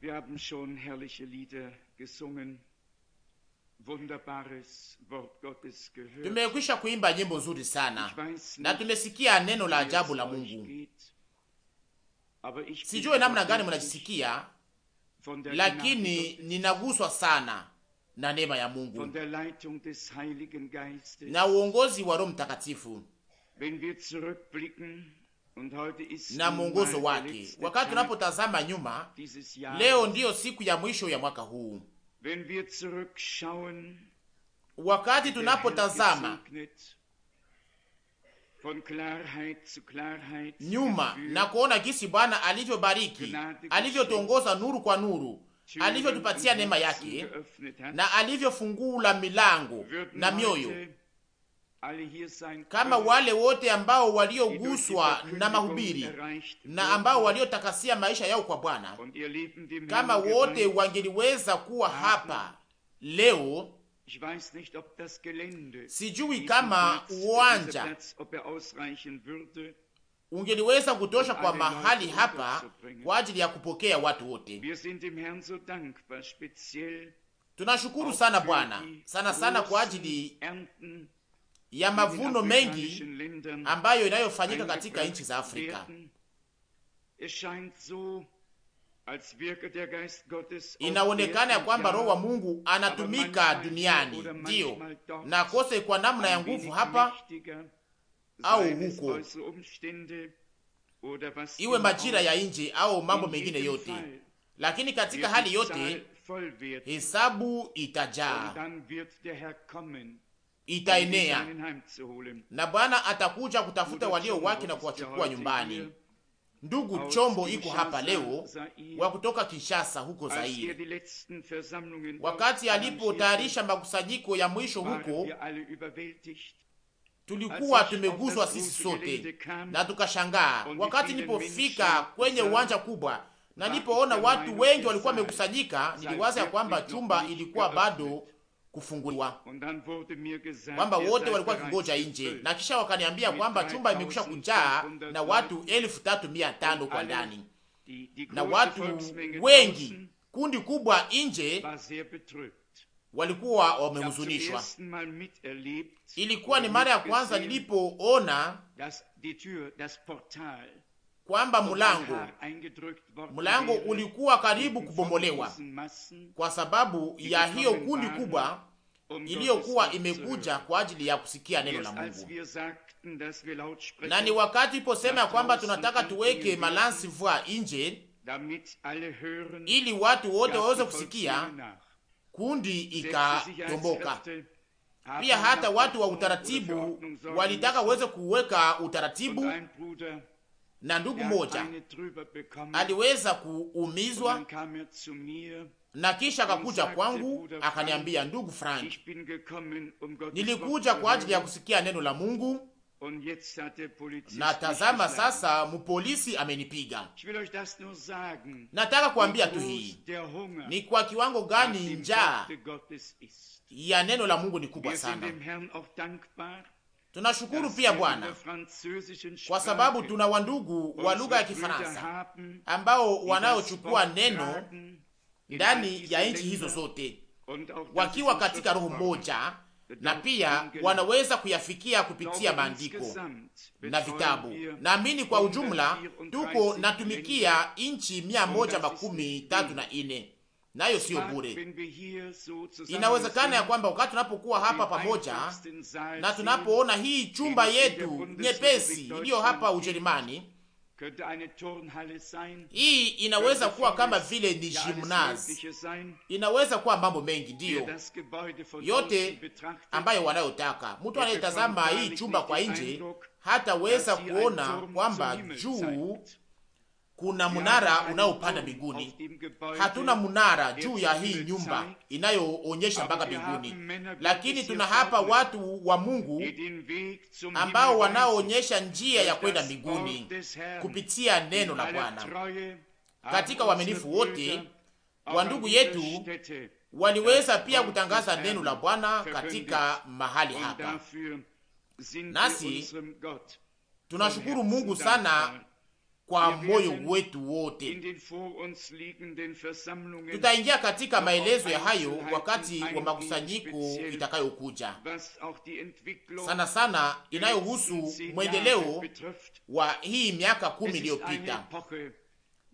Wir haben schon herrliche Lieder gesungen, wunderbares Wort Gottes gehört. Tumekwisha kuimba nyimbo nzuri sana nicht, na tumesikia neno la ajabu la Mungu. Sijue namna gani mnajisikia, lakini ninaguswa sana na neema ya Mungu na uongozi wa Roho Mtakatifu na mwongozo wake. Wakati tunapotazama nyuma, leo ndiyo siku ya mwisho ya mwaka huu. Wakati tunapotazama nyuma na kuona gisi Bwana alivyobariki, alivyotongoza nuru kwa nuru, alivyotupatia neema yake na alivyofungula milango na mioyo kama wale wote ambao walioguswa na mahubiri na ambao waliotakasia maisha yao kwa Bwana, kama wote wangeliweza kuwa ah, hapa leo. Sijui kama äh, uwanja er ungeliweza um kutosha kwa mahali hapa kwa ajili ya kupokea watu wote. Tunashukuru sana Bwana sana sana kwa ajili ya mavuno mengi ambayo inayofanyika katika nchi za Afrika. Inaonekana ya kwamba Roho wa Mungu anatumika duniani, ndiyo na kose kwa namna ya nguvu hapa au huko, iwe majira ya nje au mambo mengine yote, lakini katika hali yote hesabu itajaa itaenea na Bwana atakuja kutafuta walio wake na kuwachukua nyumbani. Ndugu, chombo iko hapa leo wa kutoka Kinshasa huko Zaire, wakati alipotayarisha makusanyiko ya mwisho huko, tulikuwa tumeguzwa sisi sote na tukashangaa. Wakati nilipofika kwenye uwanja kubwa na nilipoona watu wengi walikuwa wamekusanyika, niliwaza ya kwamba chumba ilikuwa bado kufunguliwa, kwamba wote walikuwa kingoja nje, na kisha wakaniambia kwamba chumba imekwisha kujaa na watu elfu tatu mia tano kwa ndani na watu wengi, kundi kubwa nje walikuwa wamehuzunishwa. Ilikuwa ni mara ya kwanza nilipoona kwamba mlango mlango ulikuwa karibu kubomolewa kwa sababu ya hiyo kundi kubwa um iliyokuwa imekuja kwa ajili ya kusikia neno la Mungu. Na ni wakati iposema ya kwamba tunataka tuweke malansi vwa nje ili watu wote waweze kusikia, kundi ikatomboka. Pia hata watu wa utaratibu walitaka waweze kuweka utaratibu na ndugu moja aliweza kuumizwa er na kisha akakuja kwangu akaniambia, ndugu Frank, um nilikuja kwa ajili ya kusikia neno la Mungu na tazama sasa mpolisi amenipiga. Nataka kuambia tu hii ni kwa kiwango gani njaa ya neno la Mungu ni kubwa sana. Tunashukuru pia Bwana kwa sababu tuna wandugu wa lugha ya Kifaransa ambao wanaochukua neno ndani ya nchi hizo zote wakiwa katika roho moja, na pia wanaweza kuyafikia kupitia maandiko na vitabu. Naamini kwa ujumla tuko natumikia nchi mia moja makumi tatu na ine nayo siyo bure. Inawezekana ya kwamba wakati tunapokuwa hapa pamoja na tunapoona hii chumba yetu nyepesi iliyo hapa Ujerumani, hii inaweza kuwa kama vile ni gymnasi, inaweza kuwa mambo mengi, ndiyo yote ambayo wanayotaka. Mtu anayetazama hii chumba kwa nje hataweza kuona kwamba juu kuna mnara unaopanda mbinguni. Hatuna mnara juu ya hii nyumba inayoonyesha mpaka mbinguni, lakini tuna hapa watu wa Mungu ambao wanaoonyesha njia ya kwenda mbinguni kupitia neno la Bwana. Katika waminifu wote wa ndugu yetu waliweza pia kutangaza neno la Bwana katika mahali hapa, nasi tunashukuru Mungu sana kwa moyo wetu wote. Tutaingia katika maelezo ya hayo wakati wa makusanyiko itakayokuja, sana sana inayohusu mwendeleo wa hii miaka kumi iliyopita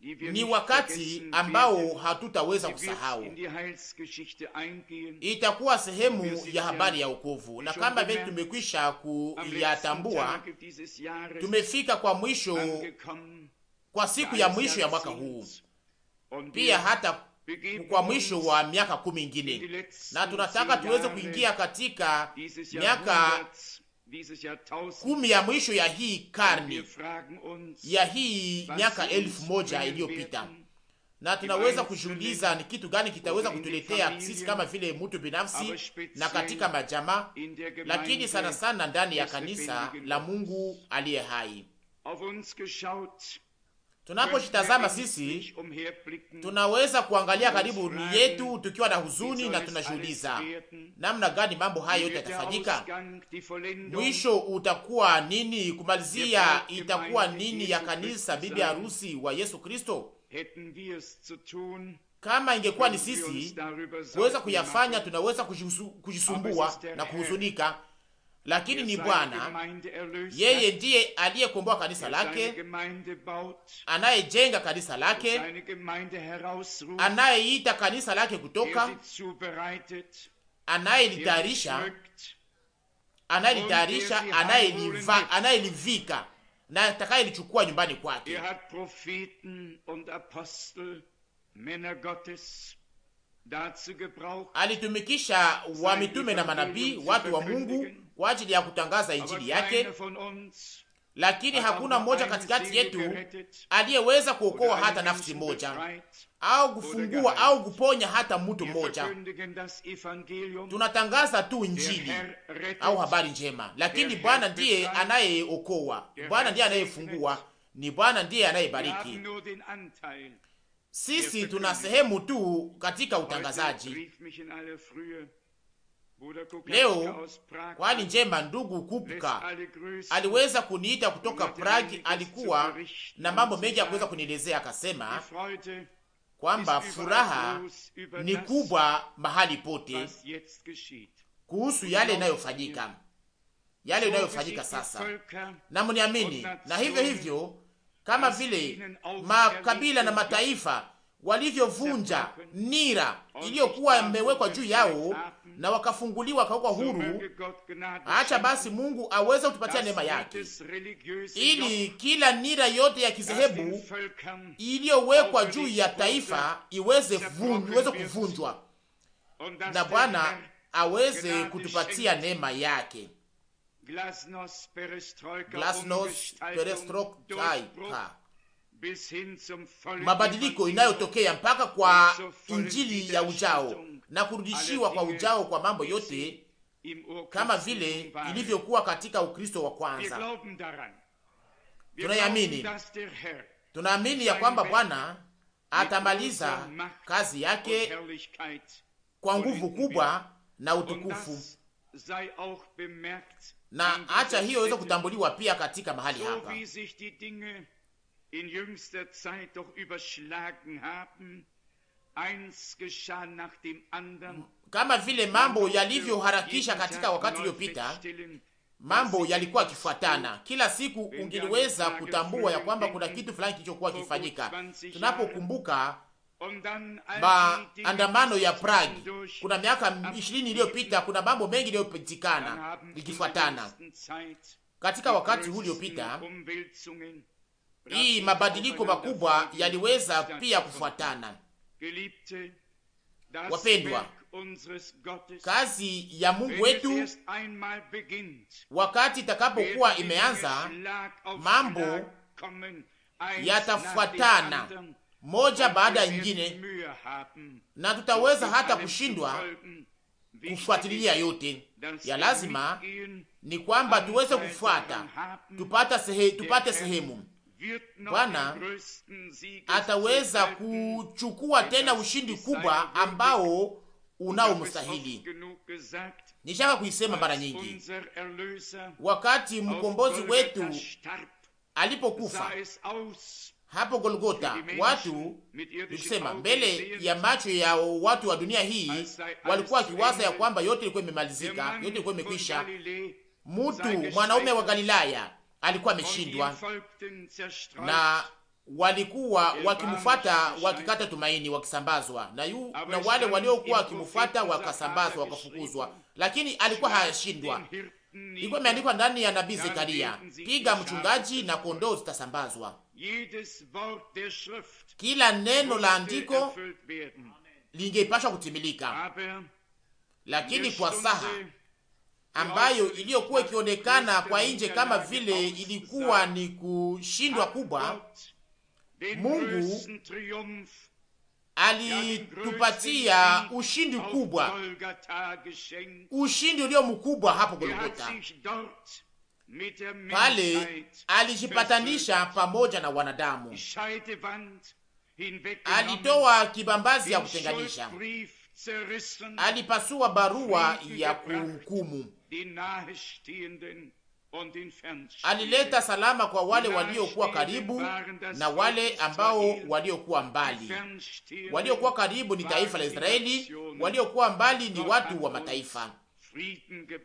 ni wakati ambao hatutaweza kusahau, itakuwa sehemu ya habari ya wokovu. Na kama vile tumekwisha kuyatambua, tumefika kwa mwisho, kwa siku ya mwisho ya mwaka huu, pia hata kwa mwisho wa miaka kumi ingine, na tunataka tuweze kuingia katika miaka kumi ya mwisho ya hii karni ya hii miaka elfu moja iliyopita, na tunaweza kujiuliza ni kitu gani kitaweza kutuletea sisi kama vile mtu binafsi na katika majamaa, lakini sana sana ndani ya kanisa la Mungu aliye hai. Tunapojitazama sisi tunaweza kuangalia karibu ni yetu tukiwa na huzuni na tunashuhudiza namna gani mambo hayo yote yatafanyika. Mwisho utakuwa nini? Kumalizia itakuwa nini ya kanisa, bibi harusi wa Yesu Kristo? Kama ingekuwa ni sisi kuweza kuyafanya, tunaweza kujisumbua na kuhuzunika lakini ni Bwana yeye ndiye aliyekomboa kanisa lake, anayejenga kanisa lake, anayeita kanisa lake kutoka, anayelitayarisha, anayelitayarisha, anayelivika na atakayelichukua nyumbani kwake. Alitumikisha wa mitume na manabii, watu wa Mungu kwa ajili ya kutangaza injili yake, lakini hakuna mmoja katikati yetu aliyeweza kuokoa hata nafsi moja au kufungua au kuponya hata mtu mmoja. Tunatangaza tu injili au habari njema, lakini Bwana ndiye anayeokoa, Bwana ndiye anayefungua, ni Bwana ndiye anayebariki. Sisi tuna sehemu tu katika utangazaji. Leo kwa hali njema, ndugu Kupka aliweza kuniita kutoka Pragi. Alikuwa na mambo mengi ya kuweza kunielezea, akasema kwamba furaha ni kubwa mahali pote kuhusu yale inayofanyika, yale inayofanyika sasa, na mniamini, na hivyo hivyo kama vile makabila na mataifa walivyovunja nira iliyokuwa imewekwa juu yao na wakafunguliwa wakawekwa huru. Acha basi Mungu aweze kutupatia neema yake, ili kila nira yote ya kizehebu iliyowekwa juu ya taifa iweze vun, iweze kuvunjwa na Bwana aweze kutupatia neema yake. Glasnost perestroika mabadiliko inayotokea mpaka kwa injili ya ujao na kurudishiwa kwa ujao kwa mambo yote kama vile ilivyokuwa katika Ukristo wa kwanza. Tunaiamini, tunaamini ya kwamba Bwana atamaliza kazi yake kwa nguvu kubwa na utukufu, na acha hiyo iweze kutambuliwa pia katika mahali hapa in jüngster Zeit doch überschlagen haben. Eins geschah nach dem anderen. Kama vile mambo yalivyoharakisha katika wakati uliopita, mambo yalikuwa kifuatana Kila siku ungeliweza kutambua ya kwamba kuna kitu fulani kilichokuwa kifanyika. Tunapokumbuka maandamano ya Prague kuna miaka ishirini iliyopita, kuna mambo mengi iliyopitikana ikifuatana katika wakati huu uliopita hii mabadiliko makubwa yaliweza pia kufuatana. Wapendwa, kazi ya Mungu wetu wakati itakapokuwa imeanza, mambo yatafuatana moja baada ya nyingine, na tutaweza hata kushindwa kufuatilia yote. Ya lazima ni kwamba tuweze kufuata, tupate sehe, tupate sehemu Bwana ataweza kuchukua tena ushindi kubwa ambao mstahili. Nishaka kuisema mara nyingi, wakati mkombozi wetu alipokufa hapo Golgota, watu nikusema, mbele ya macho ya watu wa dunia hii walikuwa wakiwaza ya kwamba yote ilikuwa imemalizika, yote ilikuwa imekwisha. Mtu mwanaume wa Galilaya alikuwa ameshindwa, na walikuwa eh, wakimfuata wakikata tumaini, wakisambazwa na yu, na wale waliokuwa wakimfuata wakasambazwa, wakafukuzwa, lakini alikuwa hayashindwa. Ilikuwa imeandikwa ndani ya nabii Zekaria, piga mchungaji na kondoo zitasambazwa. Kila neno la andiko lingepashwa kutimilika, lakini kwa saha ambayo iliyokuwa ikionekana kwa nje kama vile ilikuwa ni kushindwa kubwa, Mungu alitupatia ushindi kubwa, ushindi ulio mkubwa hapo Golgotha. Pale alijipatanisha pamoja na wanadamu, alitoa kibambazi ya kutenganisha alipasua barua ya kuhukumu, alileta salama kwa wale waliokuwa karibu na wale ambao waliokuwa mbali. Waliokuwa karibu ni taifa la Israeli, waliokuwa mbali ni watu wa mataifa.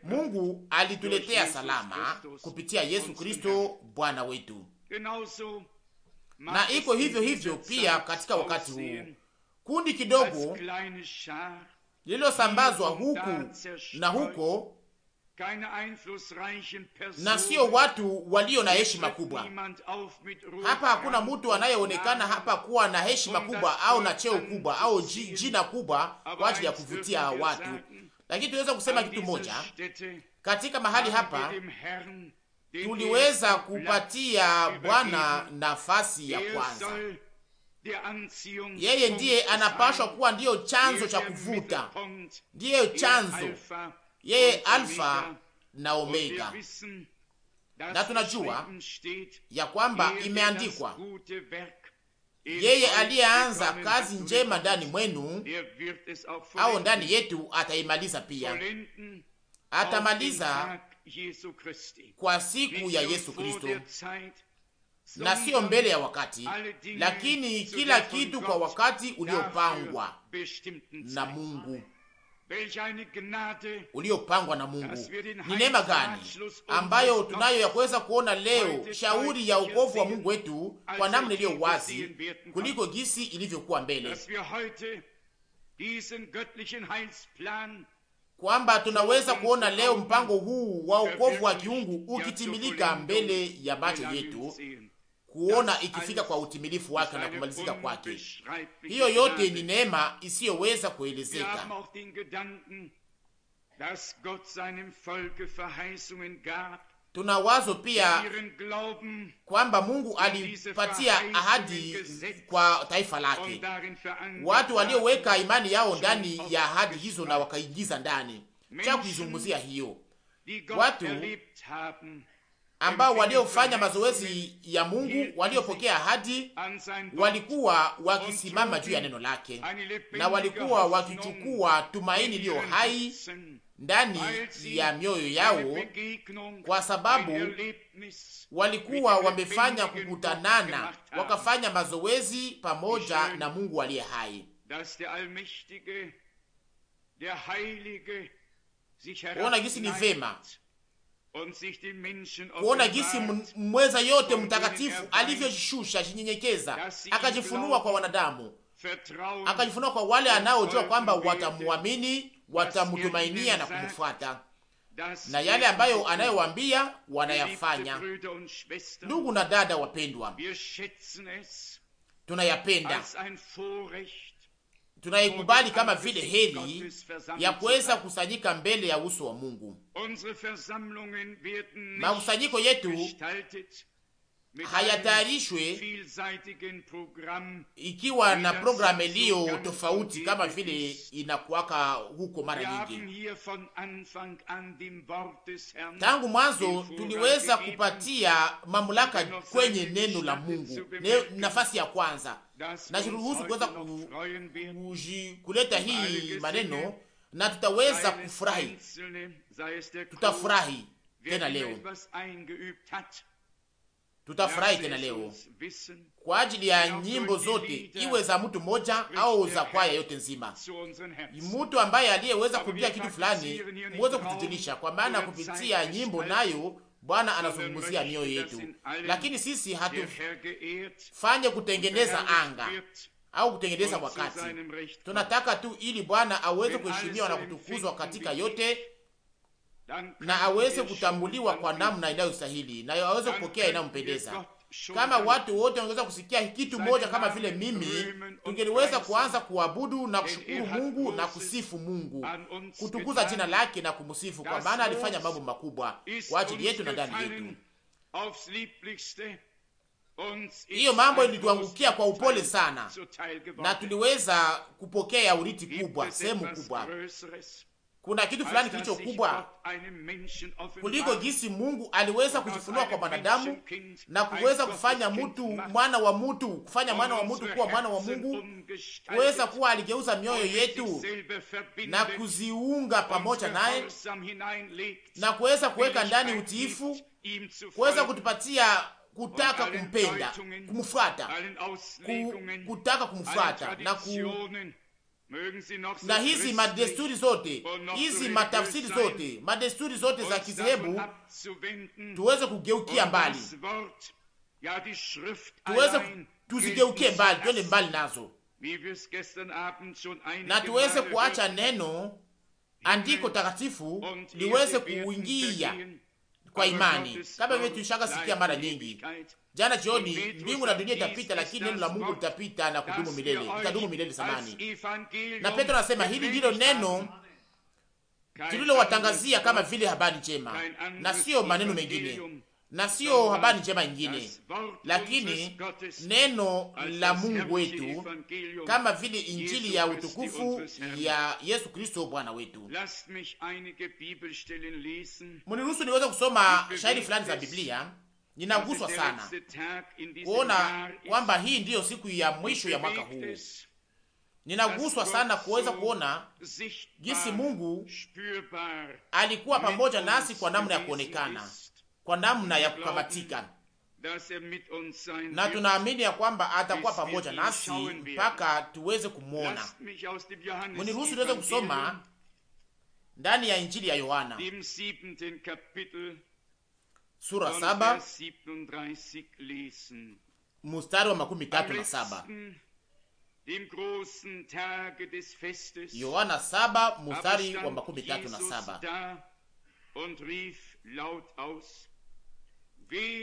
Mungu alituletea salama kupitia Yesu Kristo Bwana wetu, na iko hivyo hivyo pia katika wakati huu kundi kidogo lililosambazwa huku na huko, na sio watu walio na heshima kubwa. Hapa hakuna mtu anayeonekana hapa kuwa na heshima kubwa au na cheo kubwa au jina kubwa kwa ajili ya kuvutia watu, lakini tunaweza kusema kitu moja katika mahali hapa tuliweza kupatia Bwana nafasi ya er kwanza. Yeye ndiye anapashwa kuwa ndiyo chanzo cha kuvuta, ndiyo chanzo, yeye Alfa na Omega. Na tunajua ya kwamba imeandikwa, yeye aliyeanza kazi njema ndani mwenu au ndani yetu ataimaliza pia, atamaliza kwa siku ya Yesu Kristo na siyo mbele ya wakati, lakini kila kitu kwa wakati uliopangwa na Mungu uliopangwa na Mungu. Ni neema gani um ambayo tunayo ya kuweza kuona leo shauri ya ukovu wa Mungu wetu kwa namna iliyo wazi kuliko gisi ilivyokuwa mbele, kwamba tunaweza kuona leo mpango huu wa ukovu wa kiungu ukitimilika mbele ya macho yetu kuona ikifika kwa utimilifu wake na kumalizika kwake. Hiyo yote ni neema isiyoweza kuelezeka. Tuna wazo pia kwamba Mungu alipatia ahadi kwa taifa lake, watu walioweka imani yao ndani ya ahadi hizo na wakaingiza ndani cha kuizungumzia hiyo watu ambao waliofanya mazoezi ya Mungu, waliopokea ahadi, walikuwa wakisimama juu ya neno lake na walikuwa wakichukua tumaini iliyo hai ndani ya mioyo yao, kwa sababu walikuwa wamefanya kukutanana, wakafanya mazoezi pamoja na Mungu aliye hai. Ona gisi ni vema kuona jinsi mweza yote mtakatifu er alivyojishusha, jinyenyekeza, akajifunua kwa wanadamu, akajifunua kwa wale anaojua kwamba watamwamini, watamtumainia er na kumfuata, na er yale ambayo anayowambia wanayafanya. Ndugu na dada wapendwa, tunayapenda tunaikubali kama vile heli ya kuweza kusanyika mbele ya uso wa Mungu. Makusanyiko yetu hayatayarishwe ikiwa na programu iliyo tofauti kama vile inakuwaka huko mara nyingi. Tangu mwanzo tuliweza kupatia mamlaka um, kwenye neno la Mungu ne, nafasi ya kwanza na kuweza kuleta um hii maneno na tutaweza kufurahi, tutafurahi tena leo tutafurahi tena leo kwa ajili ya nyimbo zote, iwe za mtu mmoja au za kwaya yote nzima. Mtu ambaye aliyeweza kujua kitu fulani, muweze kutujulisha, kwa maana kupitia nyimbo nayo Bwana anazungumzia mioyo yetu, lakini sisi hatufanye kutengeneza anga au kutengeneza wakati. Tunataka tu ili Bwana aweze kuheshimiwa na kutukuzwa katika yote na aweze kutambuliwa kwa namna inayostahili na aweze kupokea inayompendeza. Kama watu wote wangeweza kusikia kitu moja kama vile mimi, tungeliweza kuanza kuabudu na kushukuru Mungu na kusifu Mungu, kutukuza jina lake na kumsifu, kwa maana alifanya mambo makubwa kwa ajili yetu na ndani yetu. Hiyo mambo ilituangukia kwa upole sana, na tuliweza kupokea urithi kubwa, sehemu kubwa kuna kitu fulani kilicho kubwa kuliko jinsi Mungu aliweza kujifunua kwa mwanadamu na kuweza kufanya mtu mwana wa mtu, kufanya mwana wa mtu kuwa mwana wa Mungu, kuweza kuwa aligeuza mioyo yetu na kuziunga pamoja naye na kuweza kuweka ndani utiifu, kuweza kutupatia kutaka kumpenda, kumfuata, kutaka kumfuata na ku na hizi madesturi zote, hizi matafsiri zote, madesturi zote za kizehebu tuweze kugeukia mbali, tuweze tuzigeukie mbali, tuende mbali nazo na tuweze kuacha neno andiko takatifu liweze kuingia kwa imani, kama vile tulishaka sikia mara nyingi jana jioni, mbingu na dunia itapita, lakini neno la Mungu litapita na kudumu milele, litadumu milele. Samani na Petro anasema hili ndilo neno tulilowatangazia kama vile habari njema na siyo maneno mengine na sio habari njema nyingine, lakini neno la Mungu wetu kama vile injili ya utukufu ya Yesu Kristo Bwana wetu. Mniruhusu niweze kusoma shairi fulani za Biblia. Ninaguswa sana kuona kwamba hii ndiyo siku ya mwisho ya mwaka huu. Ninaguswa sana kuweza kuona jinsi Mungu alikuwa pamoja nasi kwa namna ya kuonekana kwa namna ya kukamatika, na tunaamini ya kwamba atakuwa pamoja nasi mpaka tuweze kumwona. Mniruhusu tuweze kusoma ndani ya Injili ya Yohana sura saba mustari wa makumi tatu na saba. Yohana saba mustari wa makumi tatu na saba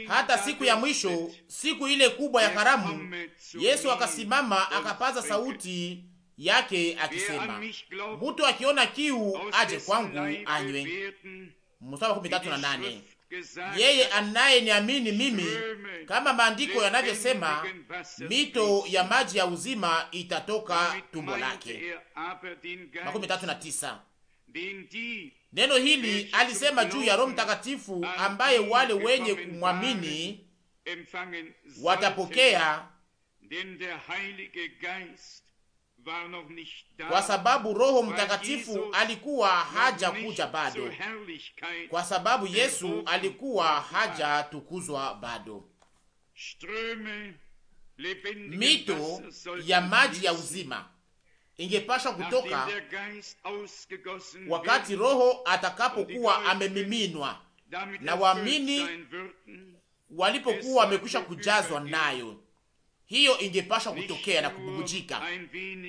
hata siku ya mwisho, siku ile kubwa ya karamu, Yesu akasimama akapaza sauti yake akisema, mtu akiona kiu aje kwangu anywe. Mstari wa 13 na 8 yeye mimi, kama maandiko yanavyosema, mito ya maji ya uzima itatoka tumbo lake. makumi tatu na tisa Neno hili alisema juu ya Roho Mtakatifu ambaye wale wenye kumwamini watapokea, kwa sababu Roho Mtakatifu alikuwa haja kuja bado, kwa sababu Yesu alikuwa haja tukuzwa bado. Mito ya maji ya uzima ingepashwa kutoka wakati Roho atakapokuwa amemiminwa na waamini walipokuwa wamekwisha kujazwa nayo, hiyo ingepashwa kutokea na kububujika,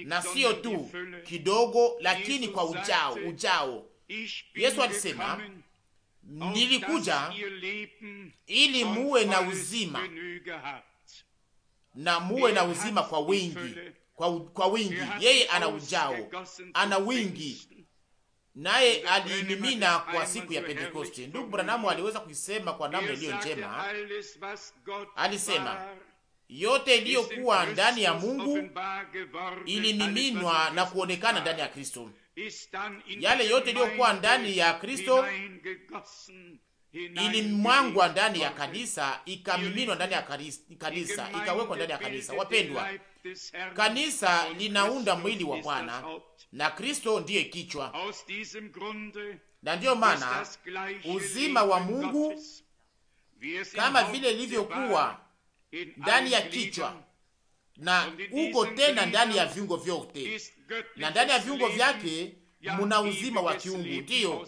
na siyo tu kidogo, lakini kwa ujao ujao. Yesu alisema nilikuja ili muwe na uzima na muwe er na uzima kwa wingi kwa, kwa wingi. Yeye ana ujao, ana wingi, naye aliimimina kwa siku ya Pentekoste. Ndugu Branamu aliweza kuisema kwa namna iliyo njema, alisema yote iliyokuwa ndani ya Mungu ilimiminwa na kuonekana ndani ya Kristo. Yale yote iliyokuwa ndani ya Kristo ilimwangwa ndani ya kanisa, ikamiminwa ndani ya kanisa, ikawekwa ndani ya kanisa. Wapendwa, kanisa linaunda mwili wa Bwana na Kristo ndiye kichwa, na ndiyo maana uzima wa Mungu kama vile ilivyokuwa ndani ya kichwa na uko tena ndani ya viungo vyote, na ndani ya viungo vyake muna uzima wa kiungu, ndiyo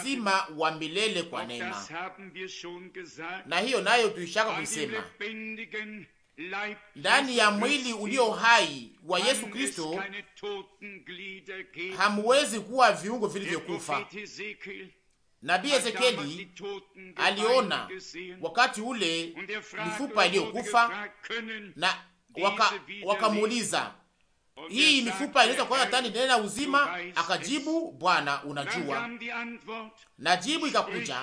uzima wa milele kwa neema, na hiyo nayo tuishaka kuisema ndani ya mwili ulio hai wa Yesu Kristo hamuwezi kuwa viungo vilivyokufa. Nabii Ezekieli aliona wakati ule er mifupa iliyokufa, na wakamuuliza waka hii mifupa inaweza kuwa tani nena uzima? Akajibu, Bwana unajua. Najibu ikakuja,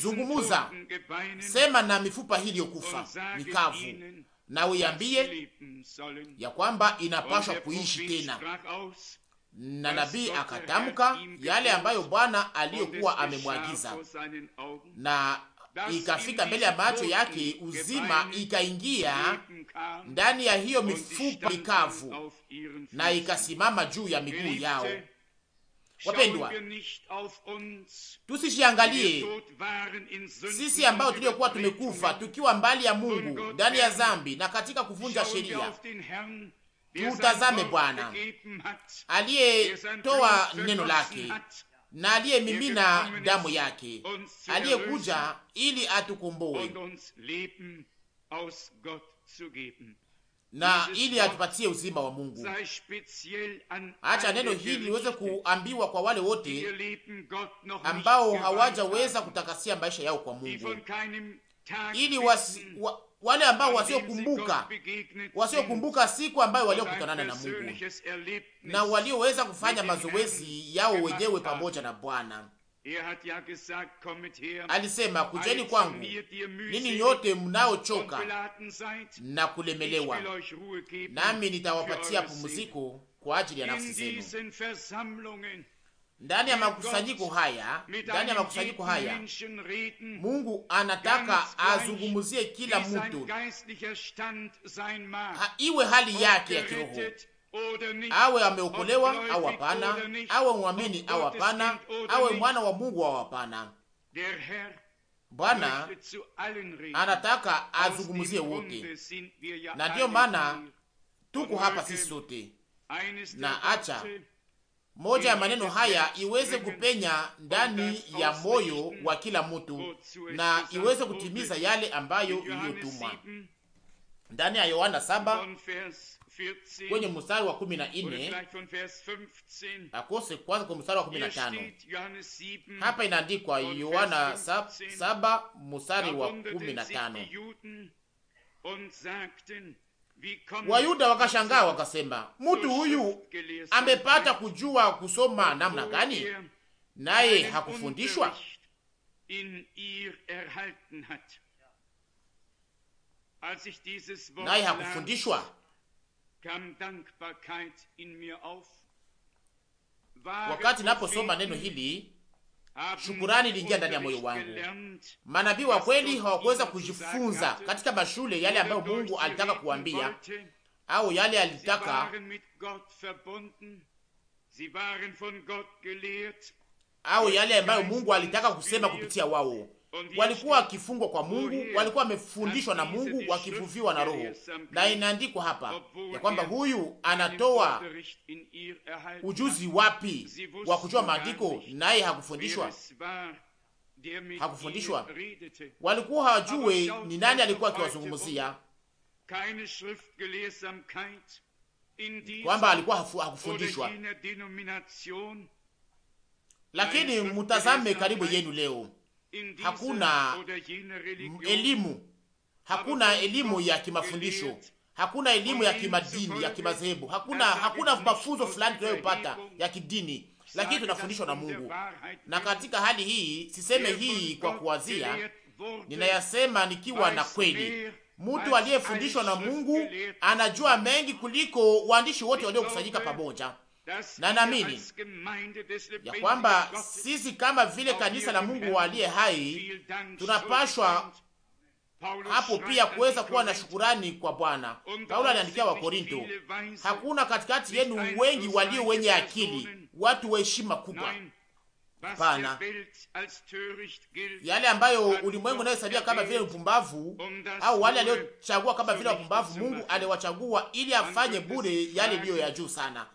zungumuza, sema na mifupa hii iliyokufa mikavu, na uiambie ya kwamba inapashwa kuishi tena. Na nabii akatamka yale ambayo Bwana aliyokuwa amemwagiza na ikafika mbele ya macho yake, uzima ikaingia ndani ya hiyo mifupa mikavu na ikasimama juu ya miguu yao. Wapendwa, tusishiangalie sisi ambao tuliokuwa tumekufa tukiwa mbali ya Mungu ndani ya zambi na katika kuvunja sheria. Tutazame Bwana aliyetoa neno lake na aliyemimina damu yake, aliyekuja ili atukomboe na ili atupatie uzima wa Mungu. Acha neno hili liweze kuambiwa kwa wale wote ambao hawajaweza kutakasia maisha yao kwa Mungu, ili wasi, wa, wale ambao wasiokumbuka wasiokumbuka siku ambayo waliokutanana na Mungu na walioweza kufanya mazoezi yao wenyewe pamoja na Bwana. Alisema, kujeni kwangu ninyi nyote mnaochoka na kulemelewa, nami nitawapatia pumziko kwa ajili ya nafsi zenu ndani ya makusanyiko haya, ndani ya makusanyiko haya, Mungu anataka azungumuzie kila mtu, iwe hali yake ya kiroho, awe ameokolewa au hapana, awe mwamini au hapana, awe mwana wa Mungu au hapana. Bwana anataka azungumuzie wote, na ndiyo maana tuko hapa sisi sote na acha moja ya maneno haya iweze kupenya ndani ya moyo wa kila mtu na iweze kutimiza yale ambayo iliyotumwa ndani ya Yohana saba kwenye mstari wa kumi na nne akose kwanza kwa mstari wa kumi na tano hapa inaandikwa Yohana saba mstari wa kumi na tano Wayuda wakashangaa wakasema, mtu huyu amepata kujua kusoma namna gani, naye hakufundishwa? Naye hakufundishwa. Wakati naposoma neno hili shukurani iliingia ndani ya moyo wangu. Manabii wa kweli hawakuweza kujifunza katika mashule yale ambayo Mungu alitaka kuambia au yale alitaka au yale ambayo Mungu alitaka kusema kupitia wao walikuwa wakifungwa kwa Mungu, walikuwa wamefundishwa na Mungu, wakivuviwa na Roho. Na inaandikwa hapa ya kwamba huyu anatoa uh, ujuzi uh, wapi wa kujua maandiko, naye hakufundishwa hakufundishwa. Walikuwa hawajue ni nani alikuwa akiwazungumzia, kwamba alikuwa hakufundishwa. Lakini mtazame karibu yenu leo hakuna uh, elimu, hakuna elimu ya kimafundisho, hakuna elimu ya kimadini, ya kimadhehebu, hakuna hakuna mafunzo fulani tunayopata ya kidini, lakini tunafundishwa na Mungu. Na katika hali hii, siseme hii kwa kuwazia, ninayasema nikiwa na kweli. Mtu aliyefundishwa na Mungu anajua mengi kuliko waandishi wote waliokusanyika pamoja na naamini ya kwamba sisi kama vile kanisa la Mungu aliye hai tunapashwa hapo pia kuweza kuwa na shukurani kwa Bwana. Paulo aliandikia wa Korinto, hakuna katikati yenu wengi walio wenye akili, watu wa heshima kubwa Pana yale ambayo ulimwengu unayohesabia kama vile upumbavu um au wale aliyochagua kama vile wapumbavu, Mungu aliwachagua ili afanye bure yale iliyo ya juu sana.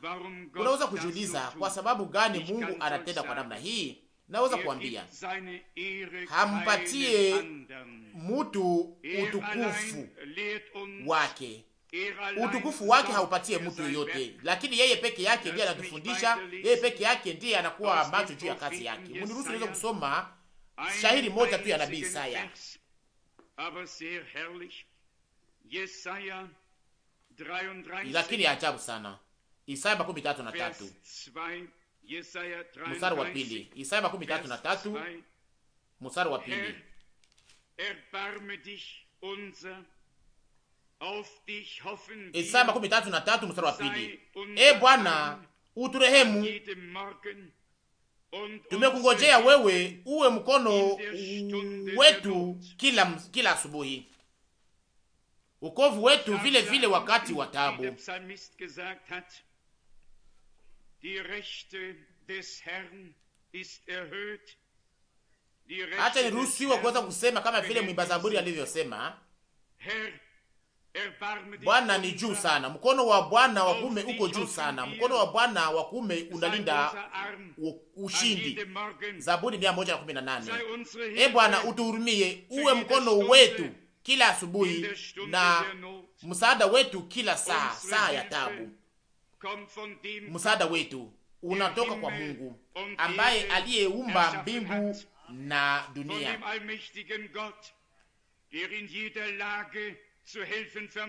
Unaweza kujiuliza kwa sababu gani Mungu anatenda kwa namna hii? Naweza er kuambia hampatie mutu er utukufu wake utukufu wake haupatie mtu yoyote, lakini yeye peke yake ndiye anatufundisha. Yeye peke yake ndiye anakuwa macho juu ya kazi yake. Mniruhusu niweze kusoma shahiri moja tu ya nabii Isaya, lakini ajabu sana. Isaya makumi tatu na tatu mstari wa pili. Isaya makumi tatu na tatu mstari wa pili. Isaya makumi tatu na tatu mstari wa pili. E Bwana, uturehemu, tumekungojea wewe uwe mkono wetu kila kila asubuhi, ukovu wetu vile vile wakati wa taabu. Hata niruhusiwa kuweza kusema kama vile mwimba Zaburi alivyosema: Bwana ni juu sana, mkono wa Bwana wa kuume uko juu sana, mkono wa Bwana wa kume unalinda ushindi. Zaburi 118. E Bwana, utuhurumie, uwe mkono wetu kila asubuhi na msaada wetu kila saa, saa ya tabu. Msaada wetu unatoka kwa Mungu ambaye aliyeumba mbingu na dunia.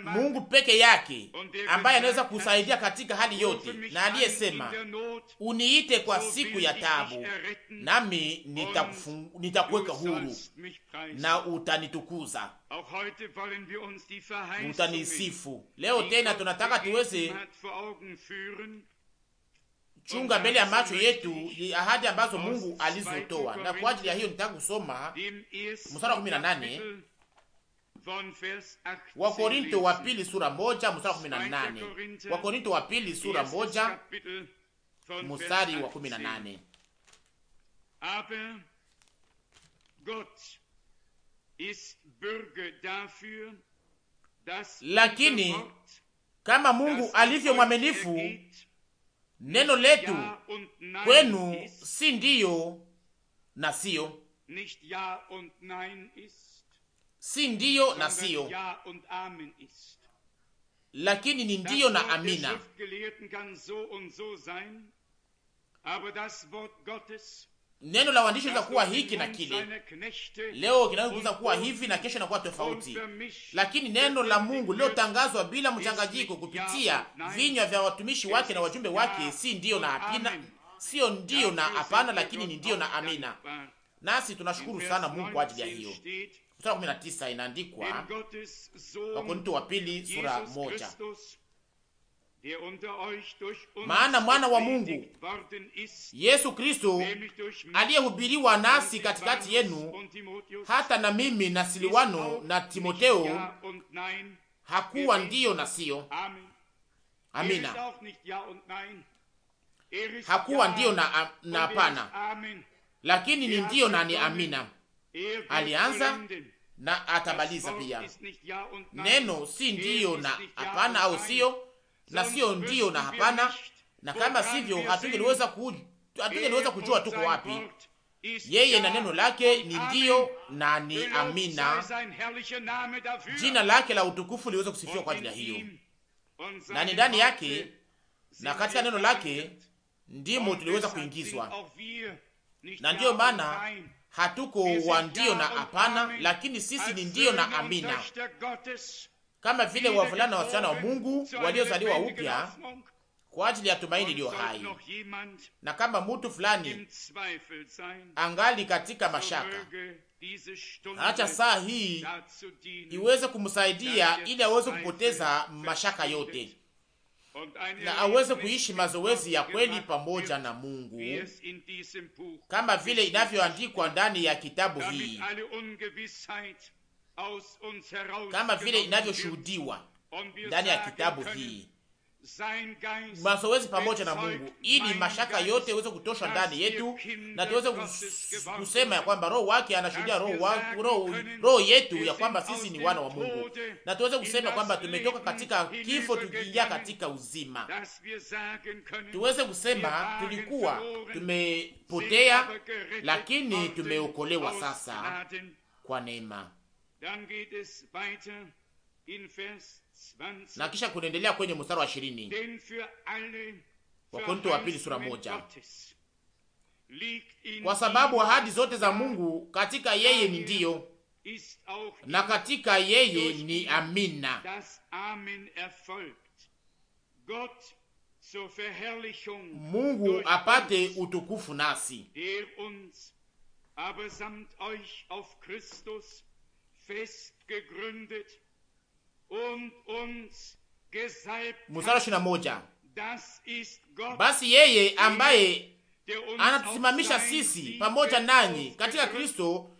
Mungu peke yake ambaye anaweza kusaidia katika hali yote, na aliyesema uniite kwa siku ya taabu, nami nitakuweka huru na utanitukuza, utanisifu. Leo tena tunataka tuweze chunga mbele ya macho yetu ahadi ambazo Mungu alizotoa, na kwa ajili ya hiyo nitaka kusoma mstari wa Wakorinto wa pili sura moja mstari wa kumi na nane Wakorinto wa pili sura moja mstari wa kumi na nane lakini kama Mungu alivyo mwaminifu, neno letu kwenu si ndiyo na siyo si ndiyo na siyo, lakini ni ndiyo na amina. Neno la waandishi za kuwa hiki na kile, leo kinaweza kuwa hivi na kesho inakuwa tofauti, lakini neno la Mungu lilotangazwa bila mchanganyiko kupitia vinywa vya watumishi wake na wajumbe wake, si ndiyo na hapana, sio ndiyo na hapana, lakini ni ndiyo na amina. Nasi tunashukuru sana Mungu kwa ajili ya hiyo mstari wa kumi na tisa inaandikwa wa pili sura moja maana mwana wa Mungu Yesu Kristo aliyehubiriwa nasi katikati yenu, hata na mimi na Siliwano na Timoteo, hakuwa ndiyo na siyo. Amina, er er hakuwa ndiyo na er hapana, lakini ni ndiyo na ni amina. Alianza na atamaliza pia. Neno si ndiyo na hapana, au sio na sio ndiyo na hapana, na kama sivyo, hatungeliweza ku, hatungeliweza kujua tuko wapi. Yeye na neno lake ni ndiyo na ni amina. Jina lake la utukufu liweze kusifiwa kwa ajili ya hiyo, na ni ndani yake na katika neno lake ndimo tuliweza kuingizwa, na ndiyo maana hatuko wa ndio na hapana, lakini sisi ni ndio na amina, kama vile wavulana wasichana wa Mungu waliozaliwa upya kwa ajili ya tumaini iliyo hai. Na kama mtu fulani angali katika mashaka, acha saa hii iweze kumsaidia ili aweze kupoteza mashaka yote na aweze kuishi mazoezi ya kweli pamoja na Mungu kama vile inavyoandikwa ndani ya kitabu hii, kama vile inavyoshuhudiwa ndani ya kitabu hii mazoezi pamoja na Mungu ili mashaka yote iweze kutosha ndani yetu na tuweze kusema ya kwamba roho wake anashuhudia roho roho, roho yetu ya kwamba sisi ni wana wa Mungu, na tuweze kusema kwamba tumetoka katika kifo tukiingia katika uzima. Tuweze kusema tulikuwa tumepotea, lakini tumeokolewa sasa kwa neema na kisha kunaendelea kwenye mstari wa ishirini Wakorintho wa pili sura moja kwa sababu ahadi zote za Mungu katika yeye ni ndiyo na katika yeye ni amina, Mungu apate utukufu nasi. aber samt euch auf Christus festgegründet mstari ishirini na moja basi yeye ambaye anatusimamisha sisi pamoja nanyi katika Kristo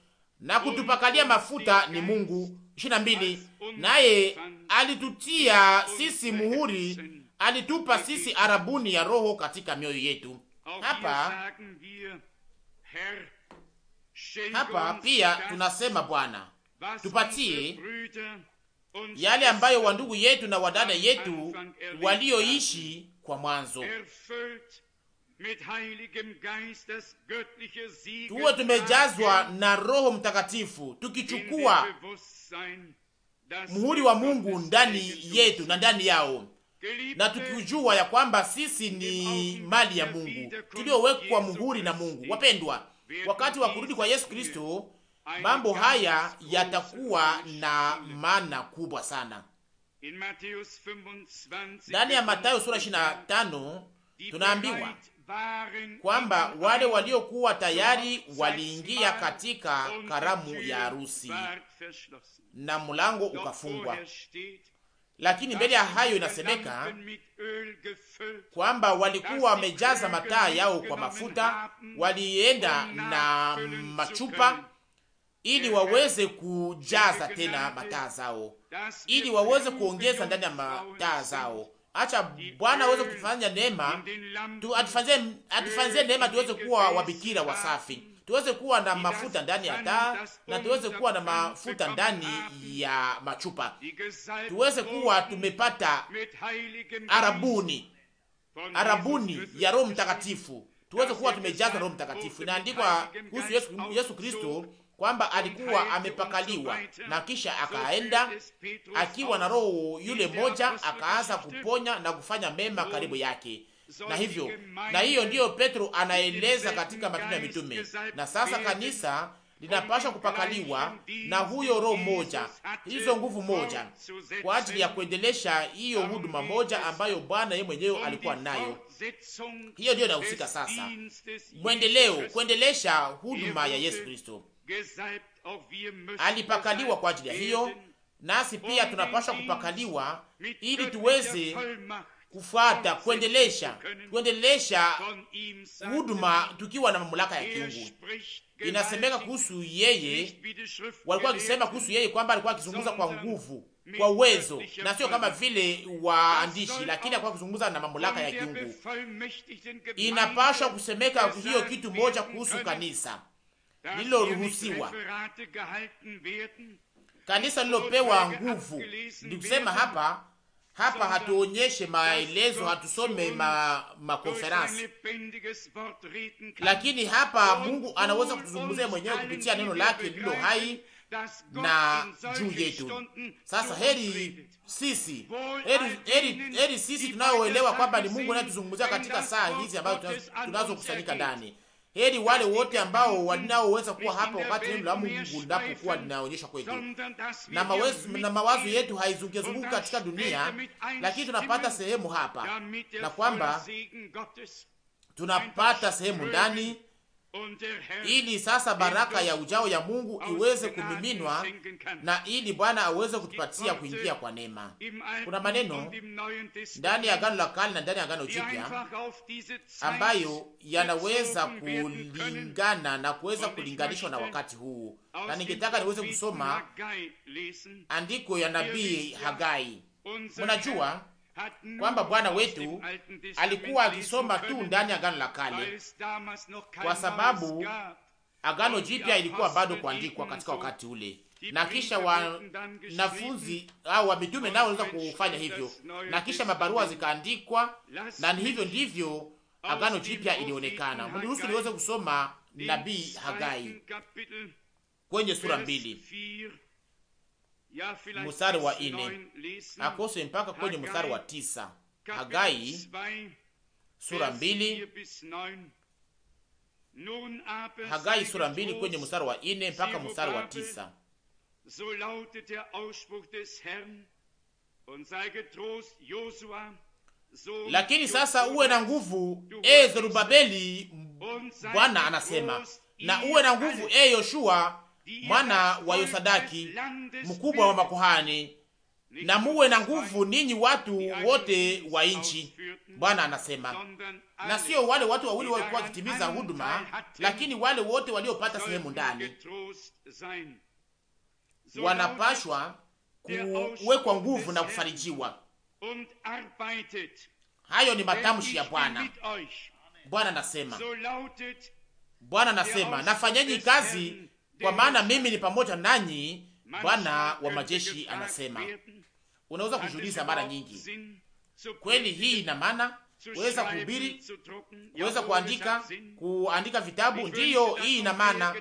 na kutupakalia mafuta ni Mungu. ishirini na mbili naye alitutia sisi muhuri, alitupa sisi arabuni ya Roho katika mioyo yetu. Hapa hapa pia tunasema Bwana tupatie yale ambayo wandugu yetu na wadada yetu walioishi kwa mwanzo. Tuwe tumejazwa na Roho Mtakatifu, tukichukua muhuri wa Mungu ndani yetu na ndani yao, na tukijua ya kwamba sisi ni mali ya Mungu, tuliowekwa muhuri na Mungu. Wapendwa, wakati wa kurudi kwa Yesu Kristo mambo haya yatakuwa na maana kubwa sana. Ndani ya Mathayo sura 25 tunaambiwa kwamba wale waliokuwa tayari waliingia katika karamu ya harusi na mlango ukafungwa, lakini mbele ya hayo inasemeka kwamba walikuwa wamejaza mataa yao kwa mafuta, walienda na machupa ili waweze kujaza tena mataa zao, ili waweze kuongeza ndani ya mataa zao. Acha Bwana aweze kutufanya neema tu, atufanyie atufanyie neema tuweze kuwa wabikira wasafi, tuweze kuwa na mafuta ndani ya taa na tuweze kuwa na mafuta ndani ya machupa, tuweze kuwa tumepata arabuni arabuni ya Roho Mtakatifu, tuweze kuwa tumejaza Roho Mtakatifu. Inaandikwa kuhusu Yesu, Yesu Kristo kwamba alikuwa amepakaliwa na kisha akaenda akiwa na roho yule moja, akaanza kuponya na kufanya mema karibu yake. Na hivyo na hiyo ndiyo Petro anaeleza katika Matendo ya Mitume. Na sasa kanisa linapaswa kupakaliwa na huyo roho moja, hizo nguvu moja, kwa ajili ya kuendelesha hiyo huduma moja ambayo Bwana yeye mwenyewe alikuwa nayo. Hiyo ndiyo inahusika sasa, mwendeleo kuendelesha huduma ya Yesu Kristo alipakaliwa kwa ajili ya hiyo, nasi pia tunapaswa kupakaliwa ili tuweze kufuata kuendelesha kuendelesha huduma tukiwa na mamlaka ya er kiungu. Inasemeka kuhusu yeye, walikuwa wakisema kuhusu yeye kwamba alikuwa akizungumza kwa nguvu, kwa uwezo, na sio kama vile waandishi, lakini alikuwa akizungumza na mamlaka ya kiungu. Inapashwa kusemeka hiyo kitu moja kuhusu kanisa lililoruhusiwa, kanisa lilopewa nguvu. kusema hapa hapa hatuonyeshe maelezo, hatusome ma makonferansi, lakini hapa Mungu anaweza kutuzungumzia mwenyewe kupitia neno lake lilo hai na juu yetu. Sasa heri sisi, heri, heri, heri sisi tunaoelewa kwamba ni Mungu anayetuzungumzia katika saa hizi ambazo tunazokusanyika ndani Heri wale wote ambao wanaoweza kuwa hapa wakati neno la Mungu linapokuwa linaonyeshwa kwetu, na, mawazo na mawazo yetu haizungezunguka katika dunia, lakini tunapata sehemu hapa, na kwamba tunapata sehemu ndani ili sasa baraka ya ujao ya Mungu iweze kumiminwa na ili Bwana aweze kutupatia kuingia kwa neema. Kuna maneno ndani ya Agano la Kale na ndani ya Agano Jipya ambayo yanaweza kulingana na kuweza kulinganishwa na wakati huu, na ningetaka niweze kusoma andiko ya nabii Hagai. Mnajua kwamba Bwana wetu alikuwa akisoma tu ndani ya Agano la Kale, kwa sababu Agano Jipya ilikuwa bado kuandikwa katika wakati ule, na kisha wanafunzi au wamitume nao waliweza kufanya hivyo, na kisha mabarua zikaandikwa, na hivyo ndivyo Agano Jipya ilionekana. Mniruhusu niweze kusoma nabii Hagai kwenye sura mbili mstari wa ine akose mpaka kwenye mstari wa tisa. Hagai sura mbili Hagai sura mbili kwenye mstari wa ine mpaka mstari wa tisa. So lautet der Ausspruch des Herrn und sei getrost Josua so Lakini sasa uwe na nguvu e Zerubabeli, Bwana anasema, na uwe na nguvu e Yoshua mwana wa Yosadaki, mkubwa wa makuhani, na muwe na nguvu ninyi watu wote wa nchi, Bwana anasema, na sio wale watu wawili walikuwa wakitimiza huduma, lakini wale wote waliopata sehemu ndani wanapashwa kuwekwa nguvu na kufarijiwa. Hayo ni matamshi ya Bwana. Bwana anasema, Bwana anasema, nafanyeni kazi kwa maana mimi ni pamoja nanyi, Bwana wa majeshi anasema. Unaweza kujiuliza mara nyingi, kweli hii ina maana kuweza kuhubiri, kuweza kuandika, kuandika vitabu? Ndiyo, hii ina maana,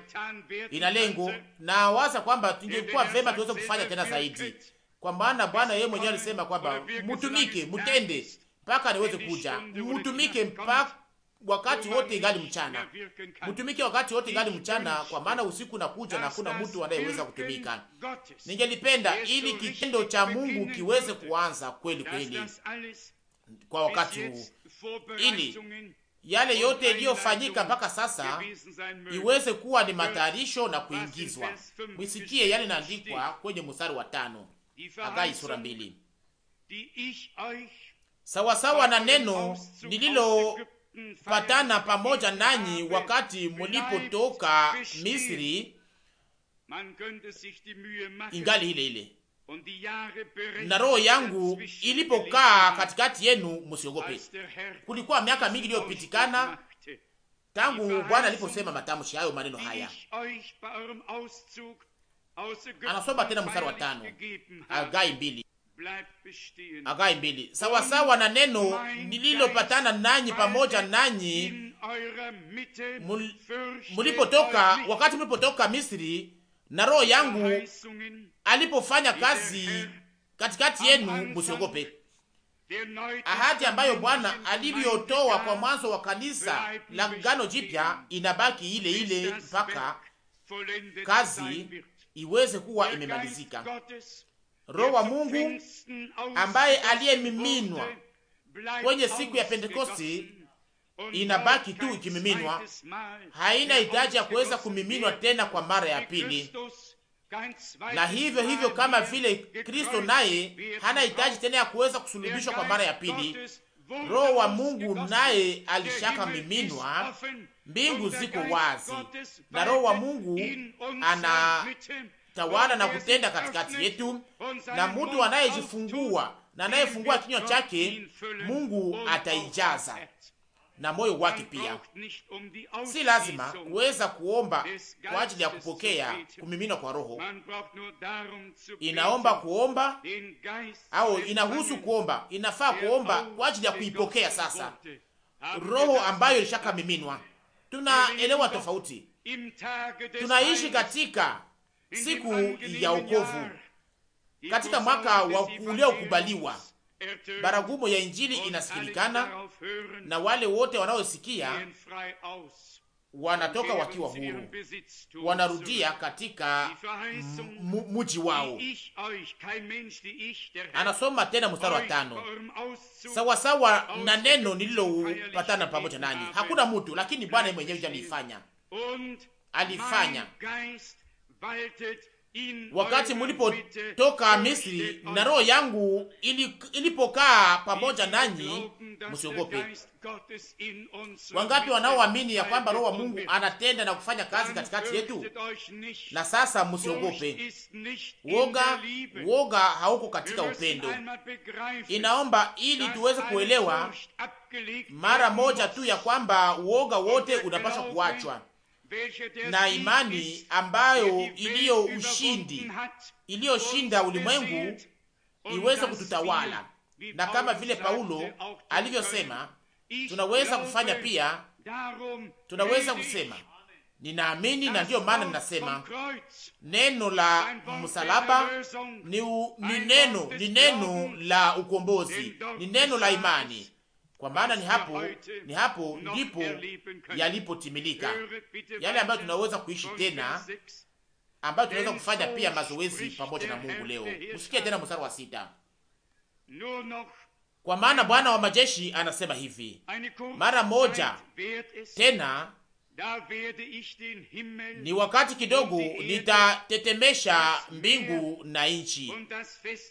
ina lengo, na waza kwamba tungekuwa vema tuweze kufanya tena zaidi, kwa maana Bwana yeye mwenyewe alisema kwamba mtumike, mtende mpaka niweze kuja, mtumike mpaka wakati wote ingali mchana, mtumike wakati wote ingali mchana, kwa maana usiku nakuja na hakuna mtu anayeweza kutumika. Ningelipenda ili kitendo cha Mungu kiweze kuanza kweli kweli kwa wakati huu, ili yale yote yaliyofanyika mpaka sasa iweze kuwa ni matayarisho na kuingizwa. Mwisikie yale inaandikwa kwenye mstari wa tano Hagai sura mbili sawasawa na neno nililo patana pamoja nanyi wakati mulipotoka Misri ingali ile ile, na roho yangu ilipokaa katikati yenu, musiogope. Kulikuwa miaka mingi iliyopitikana tangu Bwana aliposema matamshi hayo, maneno haya. Anasoma tena mstari wa tano Agai mbili Agai mbili sawa sawa na neno nililopatana nanyi pamoja nanyi mulipotoka, wakati mulipotoka Misri, na roho yangu alipofanya kazi katikati yenu, musiogope. Ahadi ambayo Bwana alivyotoa kwa mwanzo wa kanisa la gano Jipya inabaki ile ile mpaka kazi iweze kuwa imemalizika. Roho wa Mungu ambaye aliyemiminwa kwenye siku ya Pentekosti inabaki tu ikimiminwa, haina hitaji ya kuweza kumiminwa tena kwa mara ya pili. Na hivyo hivyo, kama vile Kristo naye hana hitaji tena ya kuweza kusulubishwa kwa mara ya pili. Roho wa Mungu naye alishaka miminwa, mbingu ziko wazi na Roho wa Mungu ana kutawala na kutenda katikati yetu, na mtu anayejifungua na anayefungua kinywa chake Mungu ataijaza na moyo wake pia. Um si lazima kuweza kuomba kwa ajili ya kupokea kumiminwa kwa Roho. Inaomba kuomba au inahusu kuomba, inafaa kuomba kwa ajili ya kuipokea sasa Roho ambayo ilishakamiminwa. Tunaelewa tofauti, tunaishi katika siku ya wokovu, katika mwaka wa uliokubaliwa, baragumo ya injili inasikilikana na wale wote wanaosikia wanatoka wakiwa huru, wanarudia katika mji wao. Anasoma tena mstari wa tano, sawasawa na neno nililopatana pamoja nanyi. Hakuna mtu, lakini Bwana mwenyewe ndiye alifanya wakati mulipotoka Misri na roho yangu ilipokaa pamoja nanyi, msiogope. Wangapi wanaoamini ya kwamba roho wa Mungu anatenda na kufanya kazi katikati yetu? Na sasa msiogope. Woga, woga hauko katika upendo. Inaomba ili tuweze kuelewa mara moja tu ya kwamba woga wote unapaswa kuachwa na imani ambayo iliyo ushindi iliyoshinda ulimwengu iweze kututawala, na kama vile Paulo alivyosema, tunaweza kufanya pia, tunaweza kusema ninaamini, na ndiyo maana ninasema neno la msalaba ni, u, ni neno ni neno la ukombozi, ni neno la imani kwa maana ni hapo, ni hapo ndipo yalipotimilika yale ambayo tunaweza kuishi tena, ambayo tunaweza kufanya pia mazoezi pamoja na Mungu leo. Usikie tena mstari wa sita. Kwa maana Bwana wa majeshi anasema hivi, mara moja tena, ni wakati kidogo, nitatetemesha mbingu na nchi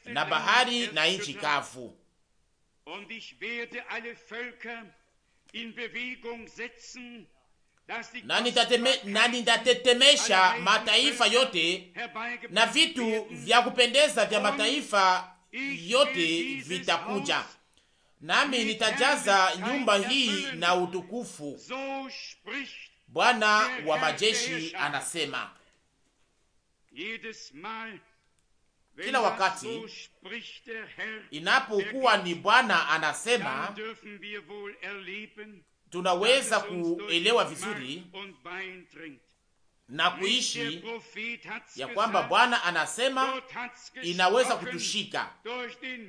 na bahari na nchi kavu na nitatetemesha mataifa yote na vitu vya kupendeza vya mataifa yote vitakuja, nami nitajaza nyumba hii na utukufu. Bwana wa majeshi anasema kila wakati inapokuwa ni Bwana anasema, tunaweza kuelewa vizuri na kuishi ya kwamba Bwana anasema inaweza kutushika,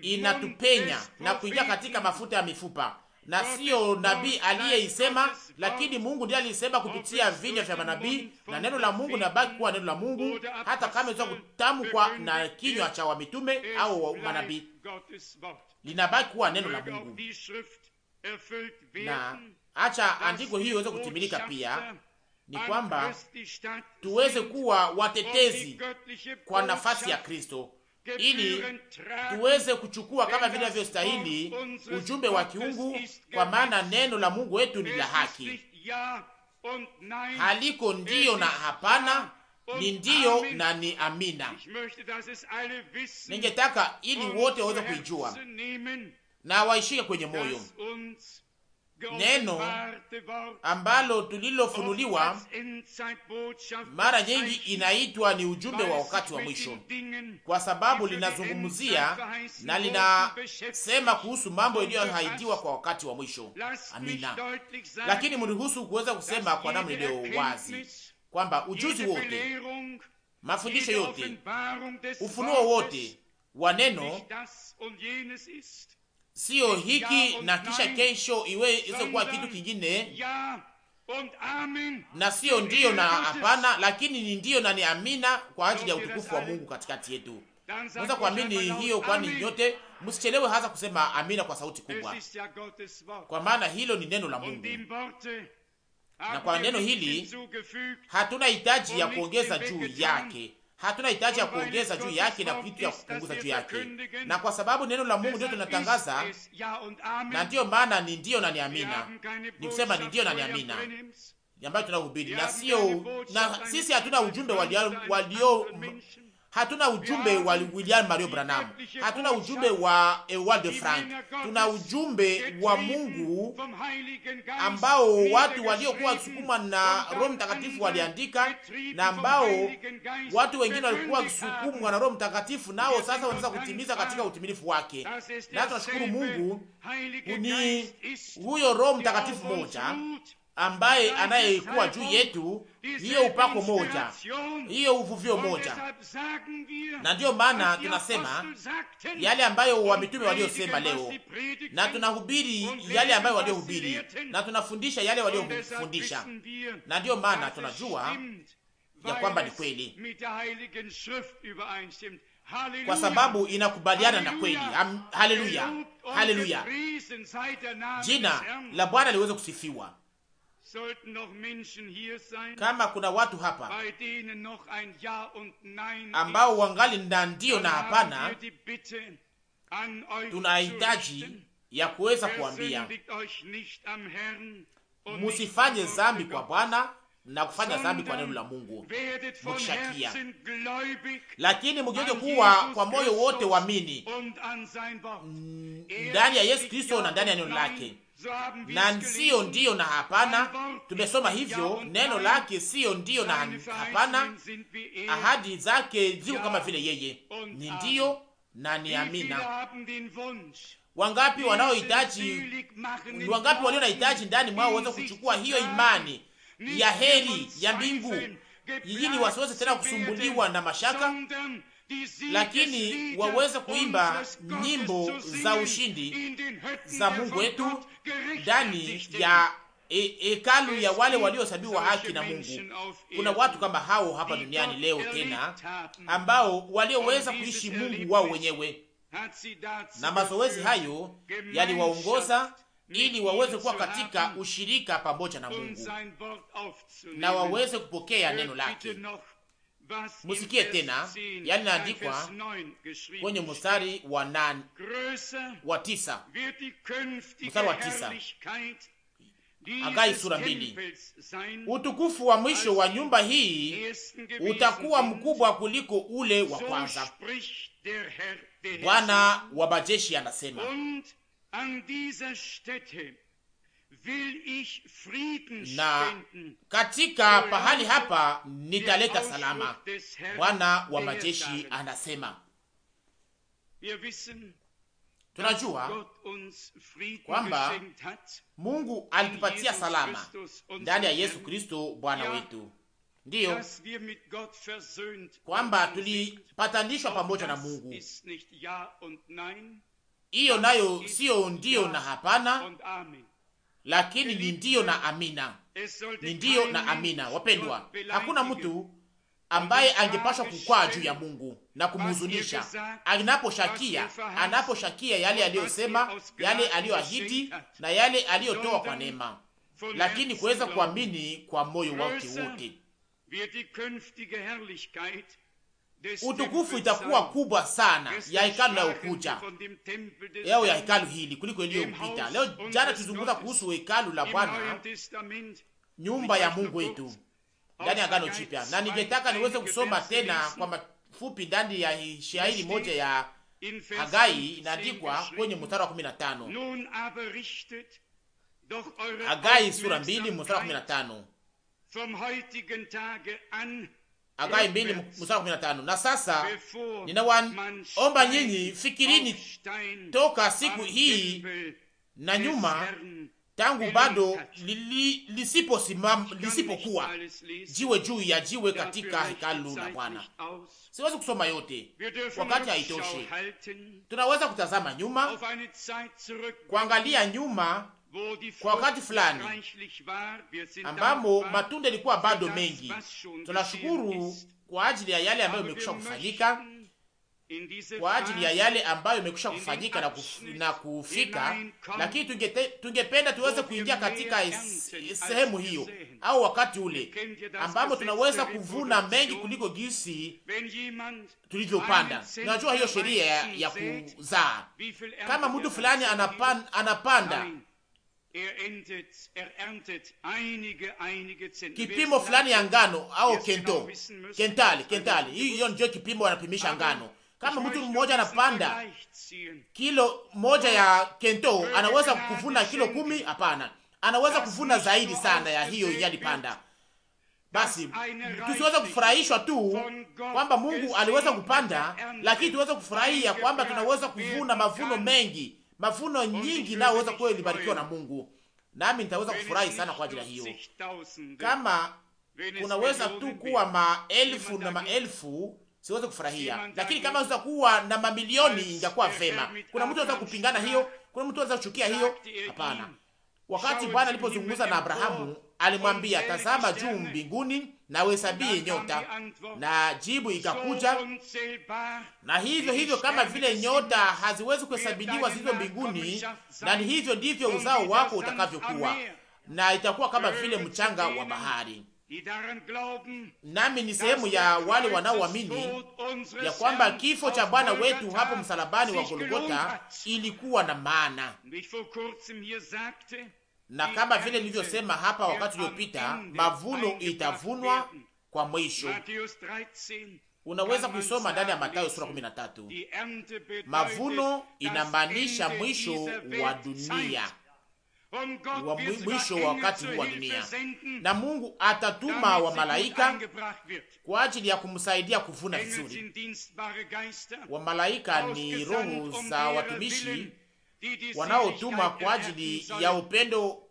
inatupenya na kuingia katika mafuta ya mifupa na siyo nabii aliyeisema, lakini Mungu ndiye aliisema kupitia vinywa vya manabii, na neno la Mungu linabaki kuwa neno la Mungu, hata kama iweza kutamkwa na kinywa cha wamitume au manabii, linabaki kuwa neno la Mungu. Na acha andiko hiyo iweze kutimilika pia ni kwamba tuweze kuwa watetezi kwa nafasi ya Kristo ili tuweze kuchukua kama vile inavyostahili ujumbe wa kiungu, kwa maana neno la Mungu wetu ni la haki, haliko ndiyo na hapana, ni ndiyo na ni amina. Ningetaka ili wote waweze kuijua na waishike kwenye moyo neno ambalo tulilofunuliwa mara nyingi inaitwa ni ujumbe wa wakati wa mwisho, kwa sababu linazungumzia na linasema kuhusu mambo iliyoahidiwa kwa wakati wa mwisho. Amina. Lakini mniruhusu kuweza kusema kwa namna iliyo wazi kwamba ujuzi wote, mafundisho yote, ufunuo wote wa neno sio hiki na kisha kesho iwe iweze kuwa kitu kingine, na sio ndiyo na hapana, lakini ni ndiyo na ni amina kwa ajili ya utukufu wa Mungu katikati yetu. Naweza kuamini hiyo, kwani nyote msichelewe hasa kusema amina kwa sauti kubwa, kwa maana hilo ni neno la Mungu, na uh, kwa neno hili hatuna hitaji ya kuongeza juu yake hatuna hitaji ya kuongeza juu yake na kitu ya kupunguza juu yake, na kwa sababu neno la Mungu ndio tunatangaza, na ndiyo maana ni ndiyo na niamina, ni kusema ni ndiyo na niamina ambayo tunahubiri na sio na sisi hatuna ujumbe walio, walio hatuna ujumbe wa William Mario Branham, hatuna ujumbe wa de Frank, tuna ujumbe wa Mungu ambao watu waliokuwa wakisukumwa na Roho Mtakatifu waliandika na ambao watu wengine walikuwa wakisukumwa na Roho Mtakatifu, nao sasa wanaweza kutimiza katika utimilifu wake. Na tunashukuru Mungu, ni huyo Roho Mtakatifu moja ambaye anayekuwa juu yetu, hiyo upako moja, hiyo uvuvio moja. Na ndiyo maana tunasema yale ambayo wamitume waliosema leo, na tunahubiri yale ambayo waliohubiri, na tunafundisha yale waliofundisha, na ndiyo maana tunajua ya kwamba ni kweli, kwa sababu inakubaliana na kweli. Haleluya, haleluya! Jina la Bwana liweze kusifiwa. Kama kuna watu hapa ambao wangali na ndio na hapana, tunahitaji ya kuweza kuambia musifanye zambi kwa Bwana na kufanya zambi kwa neno la Mungu mukishakia, lakini mugioke kuwa kwa moyo wote wamini mm, er ndani ya Yesu Kristo na ndani ya neno lake na siyo ndiyo na hapana. Tumesoma hivyo neno lake, siyo ndiyo na hapana. Ahadi zake ziko kama vile yeye ni ndiyo na ni amina. Wangapi wanaohitaji, wangapi walio na hitaji ndani mwao waweza kuchukua hiyo imani ya heri ya mbingu yijini, wasiweze tena kusumbuliwa na mashaka lakini waweze kuimba nyimbo za ushindi za Mungu wetu ndani ya hekalu e, ya wale waliohesabiwa haki na Mungu. Kuna watu kama hao hapa duniani leo tena, ambao walioweza kuishi Mungu wao wenyewe, na mazoezi hayo yaliwaongoza ili waweze kuwa katika ushirika pamoja na Mungu na waweze kupokea neno lake musikie tena yale yaani naandikwa kwenye mstari wa nane wa tisa mstari wa tisa Hagai sura mbili. Utukufu wa mwisho wa nyumba hii utakuwa mkubwa kuliko ule wa kwanza, Bwana wa majeshi anasema na katika pahali hapa nitaleta salama. Bwana wa majeshi anasema. Tunajua kwamba Mungu alitupatia salama ndani ya Yesu Kristo Bwana wetu, ndiyo kwamba tulipatanishwa pamoja na Mungu. Hiyo nayo siyo ndiyo na hapana lakini ni ndiyo na amina, ni ndiyo na amina. Wapendwa, hakuna mtu ambaye angepashwa kukwaa juu ya Mungu na kumhuzunisha anaposhakia anaposhakia yale aliyosema, yale aliyoahidi na yale aliyotoa kwa neema, lakini kuweza kuamini kwa moyo wake wote utukufu itakuwa kubwa sana ya hekalu la ukuja leo ya hekalu hili kuliko iliyopita. Leo jana tulizungumza kuhusu hekalu la Bwana, nyumba ya Mungu wetu ndani ya Agano Jipya, na ningetaka niweze kusoma tena kwa mafupi ndani ya shairi moja ya Hagai, inaandikwa kwenye mstari wa 15. Hagai sura 2 mstari wa 15. Agai mbili mstari kumi na tano. Na sasa ninawaomba nyinyi, fikirini toka siku hii na nyuma, tangu bado lisiposimama lisipokuwa jiwe juu ya jiwe katika hekalu la Bwana. Siwezi kusoma yote, wakati haitoshi. Tunaweza kutazama nyuma, kuangalia nyuma kwa wakati fulani ambamo matunda ilikuwa bado mengi. Tunashukuru kwa ajili ya yale ambayo imekwisha kufanyika, kwa ajili ya yale ambayo imekwisha kufanyika na, kuf, na kufika, lakini tungependa tunge tuweze kuingia katika sehemu hiyo au wakati ule ambamo tunaweza kuvuna mengi kuliko gisi tulivyopanda. Tunajua hiyo sheria ya, ya kuzaa. Kama mtu er fulani anapan, anapanda Er er kipimo fulani ya ngano au kento kentali kentali, hiyo ndio kipimo wanapimisha ngano. Kama mtu mmoja anapanda kilo moja ya kento, anaweza kuvuna kilo kumi? Hapana, anaweza kuvuna zaidi sana ya hiyo yalipanda. Basi tusiweze kufurahishwa tu kwamba Mungu aliweza kupanda, lakini tuweze kufurahia kwamba tunaweza kuvuna mavuno mengi mavuno nyingi nayo weza kuwa ilibarikiwa na Mungu, nami nitaweza kufurahi sana kwa ajili ya hiyo. Kama kunaweza tu kuwa maelfu na maelfu, siweze kufurahia, lakini kama weza kuwa na mamilioni, ingakuwa vema. Kuna mtu anaweza kupingana hiyo? Kuna mtu anaweza kuchukia hiyo? Hapana. Wakati Bwana alipozungumza na Abrahamu alimwambia, tazama juu mbinguni na uhesabie nyota, na jibu ikakuja. Na hivyo hivyo, kama vile nyota haziwezi kuhesabiliwa zilizo mbinguni, na ni hivyo ndivyo uzao wako utakavyokuwa, na itakuwa kama vile mchanga wa bahari. Nami ni sehemu ya wale wanaoamini ya kwamba kifo cha Bwana wetu hapo msalabani wa Golgota ilikuwa na maana na kama vile nilivyosema hapa wakati uliopita, mavuno itavunwa kwa mwisho. Unaweza kuisoma ndani ya Mathayo sura 13. Mavuno inamaanisha mwisho wa dunia wa mwisho wa wakati wa dunia, na Mungu atatuma wa malaika kwa ajili ya kumsaidia kuvuna vizuri. Wa malaika ni roho um za watumishi wanaotuma kwa ajili ya upendo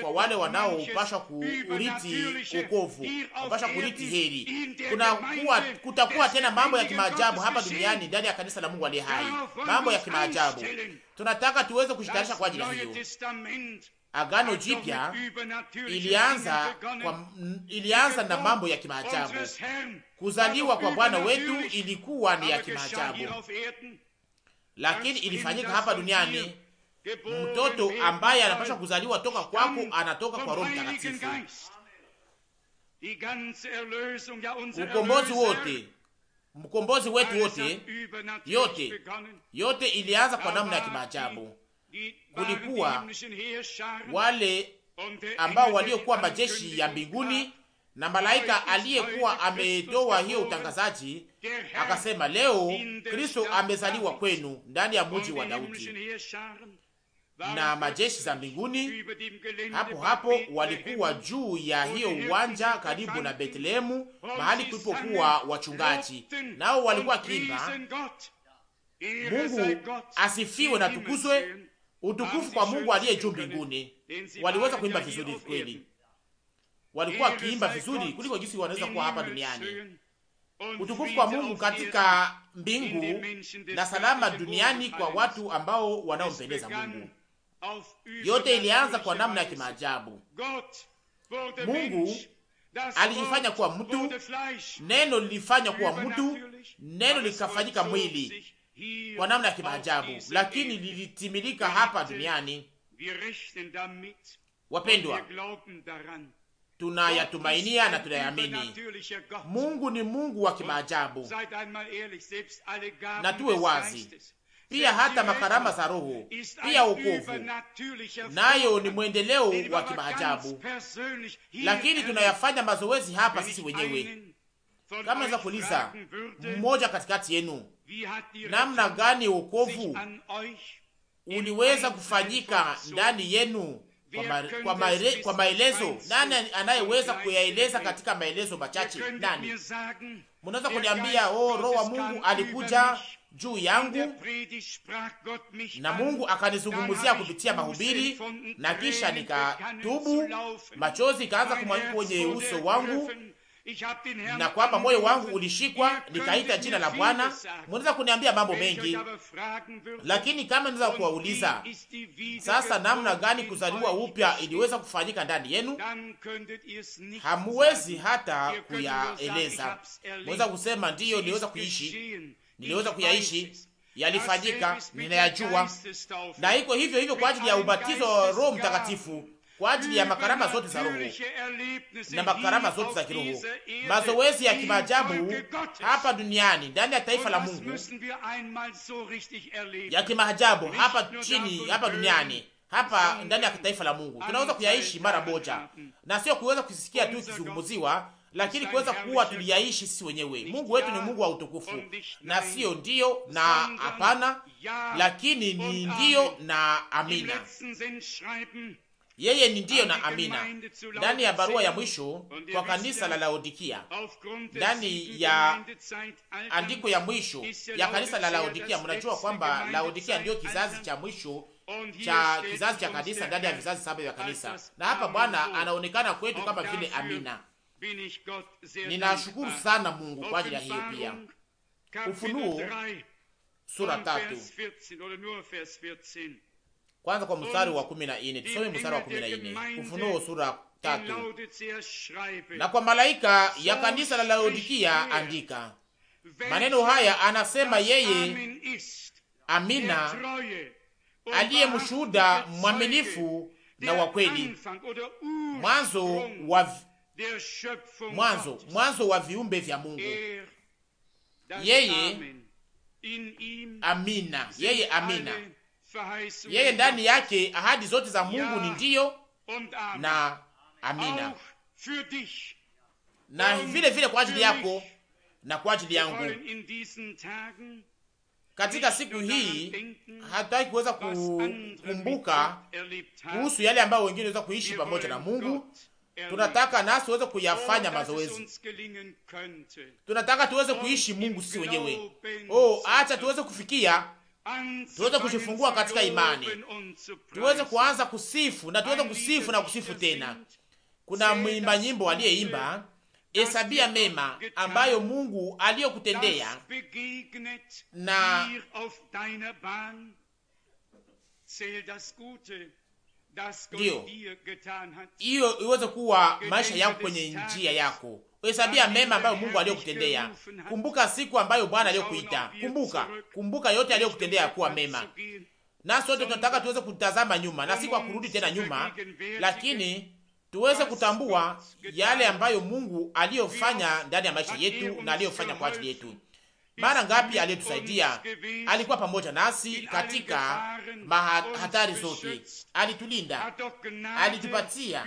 kwa wale wanaopashwa kuriti ukovu, wapashwa kuriti heri. Kuna kuwa, kutakuwa tena mambo ya kimaajabu hapa duniani ndani ya kanisa la Mungu aliye hai, mambo ya kimaajabu. Tunataka tuweze kushitarisha kwa ajili ya hiyo. Agano Jipya ilianza kwa, ilianza na mambo ya kimaajabu. Kuzaliwa kwa Bwana wetu ilikuwa ni ya kimaajabu lakini ilifanyika hapa duniani. Mtoto ambaye anapaswa kuzaliwa toka kwako anatoka kwa Roho Mtakatifu. Ukombozi wote, mkombozi wetu wote, yote yote ilianza kwa namna ya kimaajabu. Kulikuwa wale ambao waliokuwa majeshi ya mbinguni na malaika aliyekuwa ametoa hiyo utangazaji akasema, leo Kristo amezaliwa kwenu ndani ya mji wa Daudi. Na majeshi za mbinguni hapo hapo walikuwa juu ya hiyo uwanja karibu na Betlehemu, mahali kulipokuwa wachungaji, nao walikuwa kimba Mungu asifiwe na tukuzwe, utukufu kwa Mungu aliye juu mbinguni. Waliweza kuimba vizuri kweli, walikuwa wakiimba vizuri kuliko jinsi wanaweza kuwa hapa duniani utukufu wa Mungu katika mbingu na salama duniani kwa watu ambao wanaompendeza Mungu. Yote ilianza kwa namna ya kimaajabu. Mungu alijifanya kuwa mtu, neno lilifanya kuwa mtu, neno likafanyika mwili kwa namna ya kimaajabu, lakini lilitimilika hapa duniani. Wapendwa, tunayatumainia na tunayamini. Mungu ni Mungu wa kimaajabu, na tuwe wazi pia hata makarama za Roho pia ukovu nayo ni mwendeleo wa kimaajabu, lakini tunayafanya mazoezi hapa sisi wenyewe. Kama naweza kuuliza mmoja katikati yenu, namna gani wokovu uliweza kufanyika ndani yenu kwa, ma, kwa, kwa maelezo nani anayeweza kuyaeleza katika maelezo machache? Nani mnaweza kuniambia? Oh, roho wa Mungu alikuja juu yangu na Mungu akanizungumzia kupitia mahubiri, na kisha nikatubu, machozi ikaanza kumwagika kwenye uso wangu, na kwamba moyo wangu ulishikwa, nikaita jina la Bwana. Mnaweza kuniambia mambo mengi, lakini kama naweza kuwauliza sasa, namna gani kuzaliwa upya iliweza kufanyika ndani yenu, hamuwezi hata kuyaeleza. Mnaweza kusema ndiyo, niliweza kuishi, niliweza kuyaishi yalifanyika, ninayajua. Na iko hivyo hivyo kwa ajili ya ubatizo wa Roho Mtakatifu kwa ajili ya makarama zote za roho na makarama zote za kiroho, mazoezi ya kimaajabu hapa duniani ndani ya taifa la oh, Mungu, ya kimaajabu hapa chini, hapa duniani, hapa ndani ya taifa la Mungu. Tunaweza kuyaishi mara moja na sio kuweza kusikia tu kizungumuziwa, lakini kuweza kuwa tuliyaishi sisi wenyewe. Mungu wetu ni Mungu wa utukufu, na sio ndiyo na hapana, lakini ni ndiyo na amina. Yeye ni ndiyo na amina. Ndani ya barua ya mwisho kwa kanisa la Laodikia, ndani ya andiko ya mwisho ya kanisa la Laodikia, mnajua kwamba Laodikia ndiyo kizazi cha mwisho cha kizazi cha kanisa ndani ya vizazi saba vya kanisa, na hapa Bwana anaonekana kwetu kama vile amina. Ninashukuru sana Mungu kwa ajili ya hiyo pia. Ufunuo sura tatu kwanza kwa mstari wa kumi na nne tusome mstari wa kumi na nne Ufunuo sura tatu. Na kwa malaika ya kanisa la Laodikia andika maneno haya, anasema yeye Amina, aliye mshuhuda mwaminifu na wa kweli, mwanzo wa mwanzo mwanzo wa viumbe vya Mungu. Yeye Amina, yeye Amina yeye ndani yake ahadi zote za Mungu ni ndiyo na amina, na vile vile kwa ajili yako na kwa ajili yangu. Katika siku hii hatutaki kuweza kukumbuka kuhusu yale ambayo wengine waweza kuishi pamoja na Mungu. Tunataka nasi tuweze kuyafanya oh, mazoezi, tunataka tuweze kuishi Mungu si wenyewe. Oh, acha tuweze kufikia tuweze kujifungua katika imani, tuweze kuanza kusifu na tuweze kusifu na kusifu tena. Kuna mwimba nyimbo aliyeimba hesabia mema ambayo Mungu aliyokutendea na ndiyo hiyo iweze kuwa maisha yako kwenye njia yako Hesabia mema ambayo Mungu aliyokutendea. Kumbuka siku ambayo Bwana aliyokuita. Kumbuka, kumbuka yote aliyokutendea kuwa mema. Na sote tunataka tuweze kutazama nyuma na si kwa kurudi tena nyuma, lakini tuweze kutambua yale ambayo Mungu aliyofanya ndani ya maisha yetu na er aliyofanya kwa ajili yetu. Mara ngapi aliyetusaidia, alikuwa pamoja nasi katika hatari zote, alitulinda, alitupatia,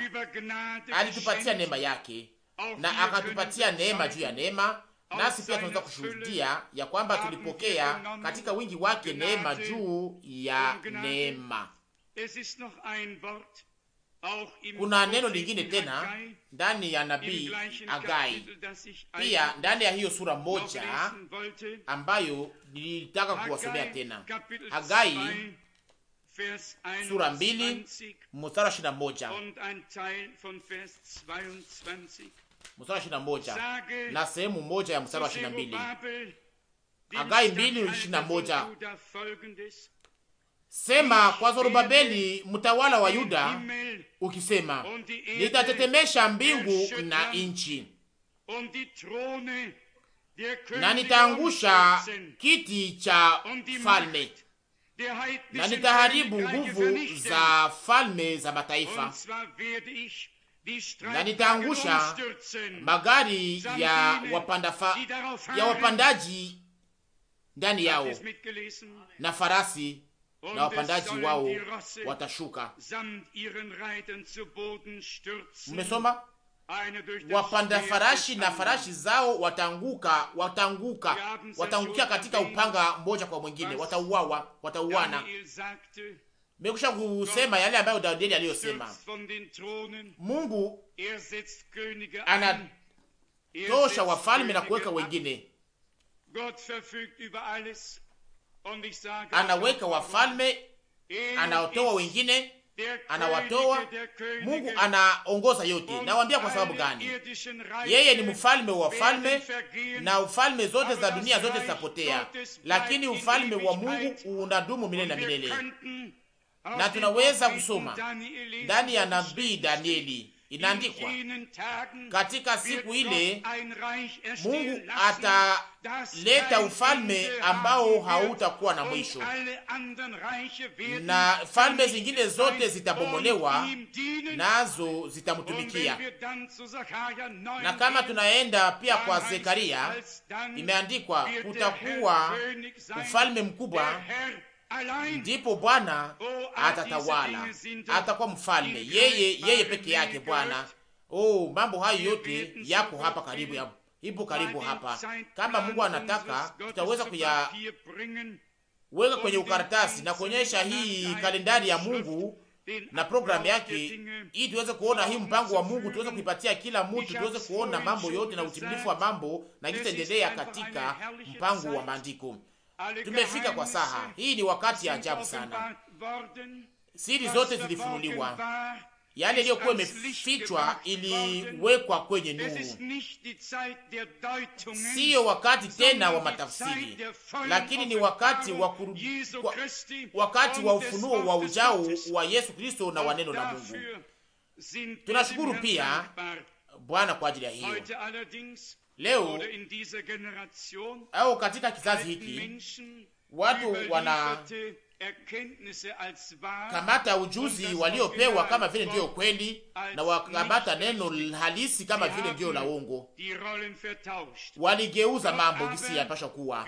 alitupatia neema yake na akatupatia neema juu ya neema. Nasi pia tunaweza kushuhudia ya kwamba tulipokea katika wingi wake neema juu ya neema. Kuna neno lingine tena ndani ya nabii Agai, pia ndani ya hiyo sura moja ambayo nilitaka kuwasomea tena. Agai sura mbili mstari ishirini na moja mstari ishirini na moja na sehemu moja ya mstari wa ishirini na mbili Agai mbili ishirini na moja Sema kwa zorubabeli mtawala wa Yuda ukisema, nitatetemesha mbingu na nchi na nitaangusha kiti cha falme na nitaharibu nguvu za falme za mataifa na nitaangusha magari ya, wapanda fa, ya wapandaji ndani yao na farasi na wapandaji wao watashuka. Mmesoma, wapanda farashi na farashi zao watanguka, watanguka, watangukia katika upanga mmoja kwa mwingine, watauawa, watauana. Mekusha kusema yale ambayo Danieli aliyosema. Mungu er anatosha er wafalme na kuweka wengine anaweka wafalme, anaotoa wengine, anawatoa. Mungu anaongoza yote. Nawambia kwa sababu gani? Yeye ni mfalme wa falme na ufalme zote za dunia zote zitapotea, lakini ufalme wa Mungu unadumu milele na milele, na tunaweza kusoma ndani ya nabii Danieli Inaandikwa, katika siku ile Mungu ataleta ufalme ambao hautakuwa na mwisho, na falme zingine zote zitabomolewa, um nazo zitamtumikia. Na kama tunaenda pia kwa Zekaria, imeandikwa kutakuwa ufalme mkubwa ndipo Bwana atatawala, atakuwa mfalme yeye, yeye peke yake Bwana. Oh, mambo hayo yote yako hapa karibu ya ipo karibu hapa. Kama Mungu anataka, tutaweza kuyaweka kwenye ukaratasi na kuonyesha hii kalendari ya Mungu na programu yake, um, ili tuweze kuona hii mpango wa Mungu, tuweze kuipatia kila mtu, tuweze kuona mambo yote na utimilifu wa mambo na kitaendelea katika mpango wa maandiko. Tumefika kwa saha hii, ni wakati ya ajabu sana. Siri zote zilifunuliwa, yale yaliyokuwa imefichwa iliwekwa kwenye nuru. Siyo wakati tena wa matafsiri, lakini ni wakati wa kuru, wa, wakati wa ufunuo wa ujao wa Yesu Kristo na waneno la Mungu. Tunashukuru pia Bwana kwa ajili ya hiyo. Leo au katika kizazi hiki watu wana kamata ujuzi waliopewa kama vile ndiyo kweli na wakamata neno halisi kama vile ndiyo la uongo. Waligeuza mambo gisi yapasha kuwa,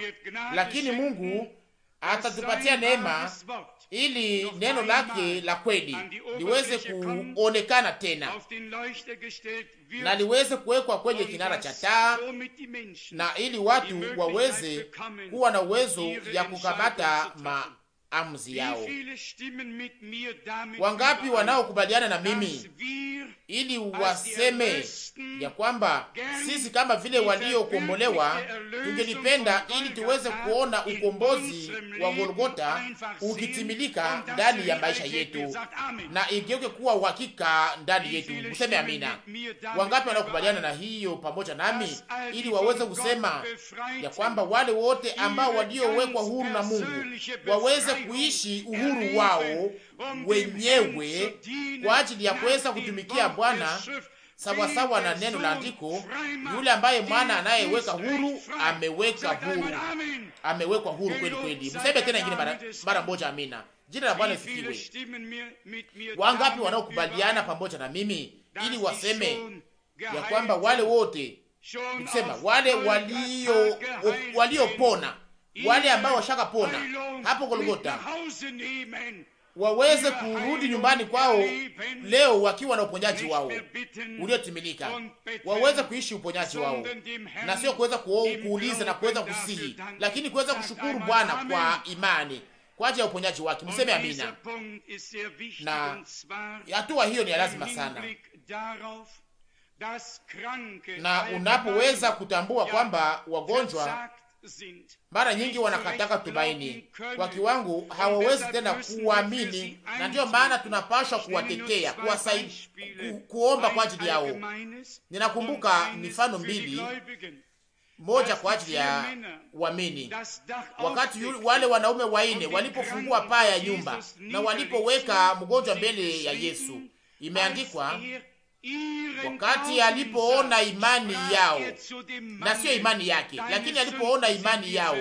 lakini Mungu atatupatia neema ili neno lake la kweli liweze kuonekana tena na liweze kuwekwa kwenye kinara cha taa, na ili watu waweze kuwa na uwezo ya kukamata ma amzi yao. Wangapi wanaokubaliana na mimi ili waseme ya kwamba sisi kama vile waliokombolewa tungelipenda ili tuweze kuona ukombozi wa Golgota ukitimilika ndani ya maisha yetu na igeuke kuwa uhakika ndani yetu. Useme amina. Wangapi wanaokubaliana na hiyo pamoja nami ili waweze kusema ya kwamba wale wote ambao waliowekwa huru na Mungu waweze kuishi uhuru wao wenyewe kwa ajili ya kuweza kutumikia Bwana sawasawa na neno la andiko. Yule ambaye mwana anayeweka huru ameweka huru, amewekwa huru kweli kweli. Mseme tena ingine mara moja, amina. Jina la Bwana sikiwe. Wangapi wanaokubaliana pamoja na mimi ili waseme ya kwamba wale wote nikusema wale waliopona walio wale ambao washakapona hapo Golgota waweze kurudi nyumbani kwao leo wakiwa na uponyaji wao uliotimilika, waweze kuishi uponyaji wao, na sio kuweza kuuliza na kuweza kusihi, lakini kuweza kushukuru Bwana kwa imani kwa ajili ya uponyaji wake. Mseme amina. Na hatua hiyo ni ya lazima sana, na unapoweza kutambua kwamba wagonjwa mara nyingi wanakataka tumaini kwa kiwangu hawawezi tena kuamini, na ndiyo maana tunapashwa kuwatetea, kuwasaidia, ku, kuomba kwa ajili yao. Ninakumbuka mifano mbili, moja kwa ajili ya waamini, wakati wale wanaume waine walipofungua paa ya nyumba na walipoweka mgonjwa mbele ya Yesu, imeandikwa wakati alipoona imani yao na sio imani yake, lakini alipoona imani yao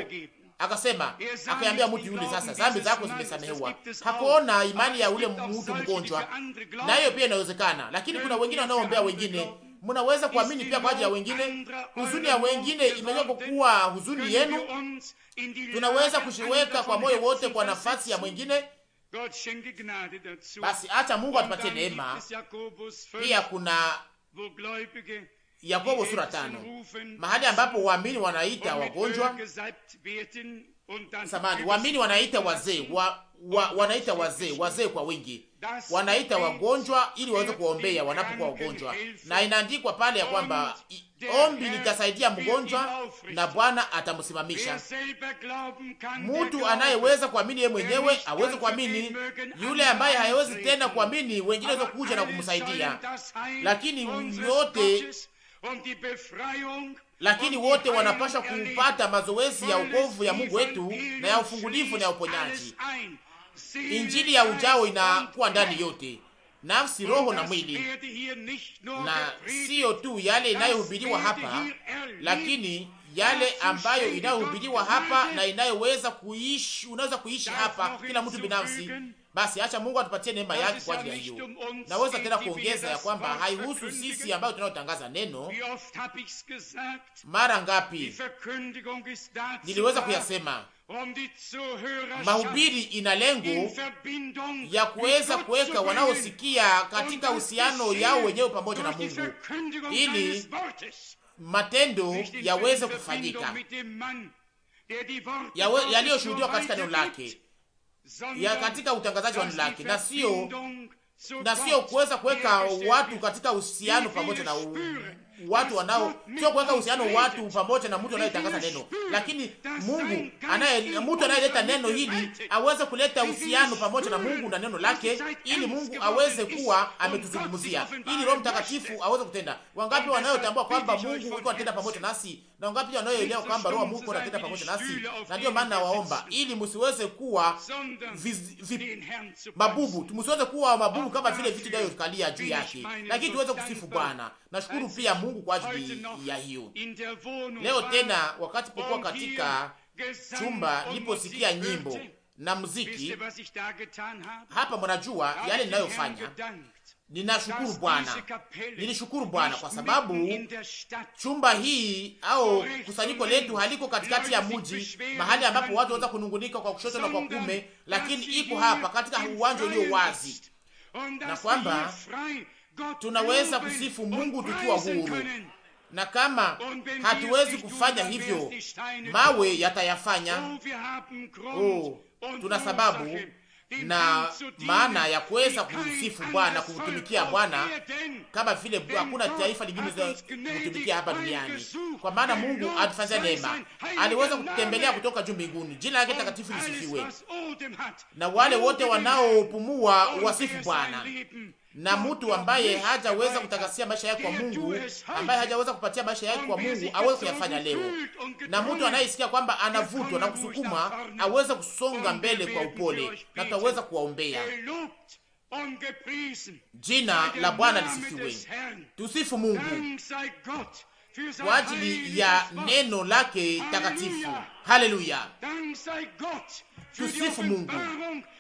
akasema, akaambia mtu yule, sasa zambi zako zimesamehewa. Hakuona imani ya ule mtu mgonjwa, na hiyo pia inawezekana, lakini kuna wengine wanaoombea wengine. Mnaweza kuamini pia kwa ajili ya wengine. Huzuni ya wengine imeweza kuwa huzuni yenu, tunaweza kusheweka kwa moyo wote kwa nafasi ya mwingine basi acha Mungu atupatie neema. Pia kuna Yakobo sura tano mahali ambapo waamini wanaita wagonjwa samani, waamini wanaita wazee wa, wa, wanaita wazee wazee kwa wingi, wanaita wagonjwa ili waweze kuwaombea wanapokuwa wagonjwa, na inaandikwa pale ya kwamba ombi litasaidia mgonjwa na Bwana atamsimamisha. Mtu anayeweza kuamini yeye mwenyewe aweze kuamini, yule ambaye hawezi tena kuamini, wengine waweze kuja na kumsaidia, lakini yote lakini wote wanapasha kupata mazoezi ya ukovu ya Mungu wetu na ya ufungulivu na ya uponyaji. Injili ya ujao inakuwa ndani yote, nafsi, roho na mwili, na siyo tu yale inayohubiriwa hapa, lakini yale ambayo inayohubiriwa hapa na inayoweza kuishi, unaweza kuishi hapa kila mtu binafsi basi acha Mungu atupatie neema yake kwa ajili ya hiyo. Naweza tena kuongeza ya kwamba haihusu sisi ambayo tunayotangaza neno. Mara ngapi niliweza kuyasema? Um Mahubiri ina lengo ya kuweza kuweka wanaosikia katika uhusiano yao wenyewe pamoja na Mungu ili matendo yaweze kufanyika yaliyoshuhudiwa katika neno lake ya katika utangazaji wa lake na sio na sio kuweza kuweka watu katika uhusiano pamoja na u, watu wanao, sio kuweka uhusiano watu pamoja na mtu anayetangaza neno, lakini Mungu anaye, mtu anayeleta neno hili aweze kuleta uhusiano pamoja na Mungu na neno lake, ili Mungu aweze kuwa ametuzungumzia, ili Roho Mtakatifu aweze kutenda. Wangapi wanayotambua kwamba Mungu yuko anatenda pamoja nasi na wangapi wanaoelewa kwamba Roho Mungu anatenda pamoja nasi, na ndiyo maana nawaomba ili msiweze kuwa mabubu, msiweze kuwa mabubu kama vile vitu vinavyokalia juu yake, lakini tuweze kusifu Bwana. Nashukuru pia Mungu kwa ajili ya hiyo. Leo tena wakati pokuwa katika chumba niliposikia nyimbo na muziki hapa, mnajua yale ninayofanya Ninashukuru Bwana, nilishukuru Bwana kwa sababu chumba hii au kusanyiko letu haliko katikati ya mji, mahali ambapo watu waweza kunungunika kwa kushoto na kwa kume, lakini iko hapa katika uwanja ulio wazi, na kwamba tunaweza kusifu Mungu tukiwa huru, na kama hatuwezi kufanya hivyo, mawe yatayafanya. Oh, oh tuna sababu na maana ya kuweza kumsifu Bwana, kumtumikia Bwana kama vile hakuna taifa lingine za kumtumikia hapa duniani, kwa maana Mungu atufanyia neema, aliweza kutembelea kutoka juu mbinguni. Jina lake takatifu lisifiwe, na wale wote wanaopumua wasifu Bwana na mtu ambaye hajaweza kutakasia maisha yake kwa Mungu, ambaye hajaweza kupatia maisha yake kwa Mungu aweze kuyafanya leo, na mtu anayesikia kwamba anavutwa na kusukuma aweze kusonga mbele kwa upole, na tutaweza kuwaombea. Jina la Bwana lisifiwe. Tusifu Mungu kwa ajili ya neno lake takatifu. Haleluya, tusifu Mungu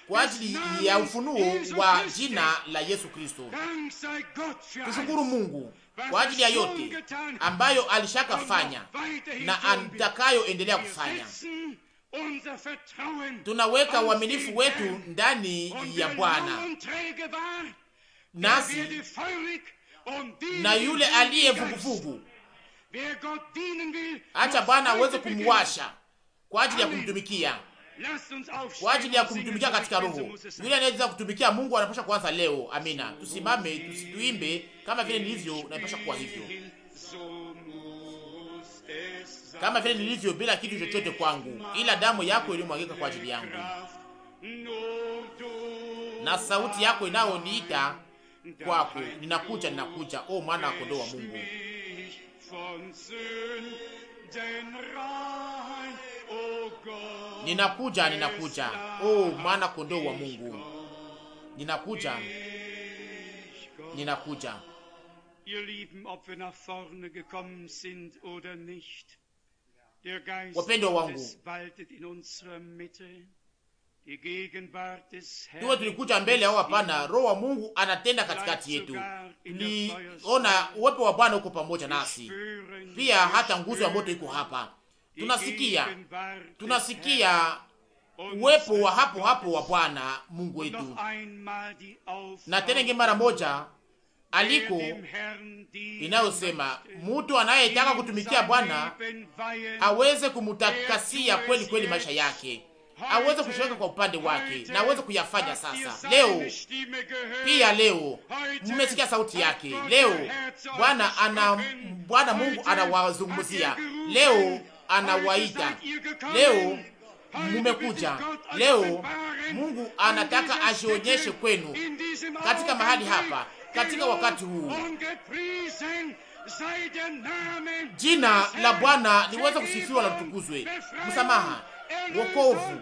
kwa ajili ya ufunuo wa jina la Yesu Kristo. Tushukuru Mungu kwa ajili ya yote ambayo alishaka fanya na atakayoendelea kufanya. Tunaweka uaminifu wetu ndani ya Bwana, nasi na yule aliye vuguvugu Acha Bwana aweze kumwasha kwa ajili ya kumtumikia, kwa ajili ya kumtumikia katika roho. Yule anayeweza kutumikia Mungu anapasha kuanza leo. Amina. Tusimame, tusituimbe kama vile nilivyo, napasha kuwa hivyo kama vile nilivyo, bila kitu chochote kwangu, ila damu yako iliyomwagika kwa ajili yangu na sauti yako inayoniita kwako, ninakuja, ninakuja, o mwana wa kondoo wa Mungu. Ninakuja, ninakuja, oh mwana kondoo wa Mungu, ninakuja, ninakuja. Wapendwa wangu tuwe tulikuja mbele au hapana, Roho wa Mungu anatenda katikati yetu. Tuliona uwepo wa Bwana uko pamoja nasi pia, hata nguzo ya moto iko hapa. Tunasikia, tunasikia uwepo wa hapo hapo wa Bwana Mungu wetu. Na tena ingi mara moja aliko inayosema mtu anayetaka kutumikia Bwana aweze kumutakasia er kweli kweli maisha yake aweze kushoweka kwa upande wake na aweze kuyafanya sasa. Leo pia leo mmesikia sauti yake. Leo Bwana ana Bwana Mungu anawazungumzia leo, anawaita leo, mmekuja leo. Mungu anataka ajionyeshe kwenu katika mahali hapa, katika wakati huu. Jina la Bwana liweze kusifiwa na kutukuzwe. Msamaha wokovu,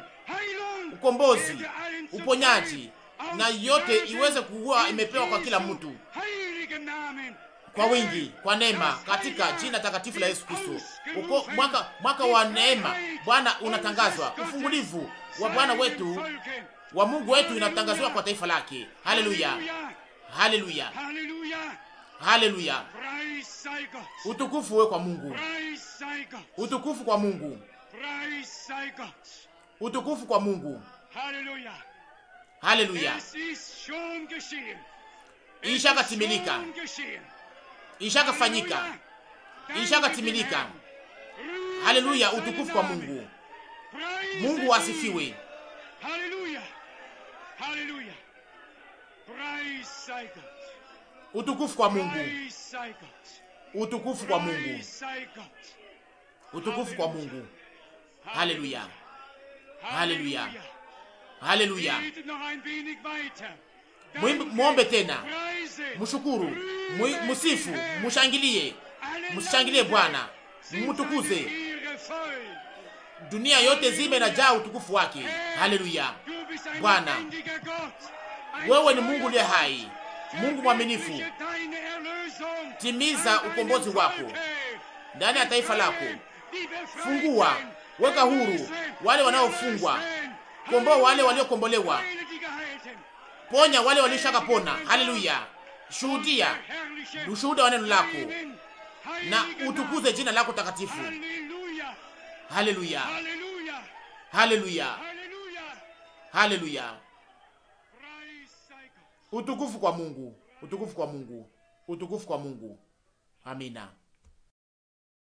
ukombozi, uponyaji na yote iweze kuwa imepewa kwa kila mtu kwa wingi, kwa neema, katika jina takatifu la Yesu Kristo. Uko mwaka, mwaka wa neema Bwana unatangazwa, ufungulivu wa Bwana wetu wa Mungu wetu inatangaziwa kwa taifa lake. Haleluya, haleluya, haleluya! Utukufu uwe kwa Mungu, utukufu kwa Mungu. Utukufu kwa Mungu. Haleluya, haleluya! Ishakatimilika, ishakafanyika, ishakatimilika. Haleluya, utukufu kwa Mungu. Mungu asifiwe. Haleluya, haleluya, utukufu kwa Mungu, utukufu kwa Mungu, utukufu kwa Mungu. Haleluya, haleluya, haleluya. Mwombe tena, mshukuru, musifu, mshangilie, mshangilie Bwana, mumutukuze. Dunia yote zime najaa utukufu wake. Haleluya. Bwana, wewe ni Mungu uliye hai, Mungu mwaminifu. Timiza ukombozi wako ndani ya taifa lako, fungua weka huru wale wanaofungwa, komboa wale waliokombolewa, ponya wale walioshaka pona. Haleluya! Shuhudia ushuhuda wa neno lako na utukuze jina lako takatifu. Haleluya, haleluya, haleluya! Utukufu kwa Mungu, utukufu kwa Mungu, utukufu kwa Mungu. Amina.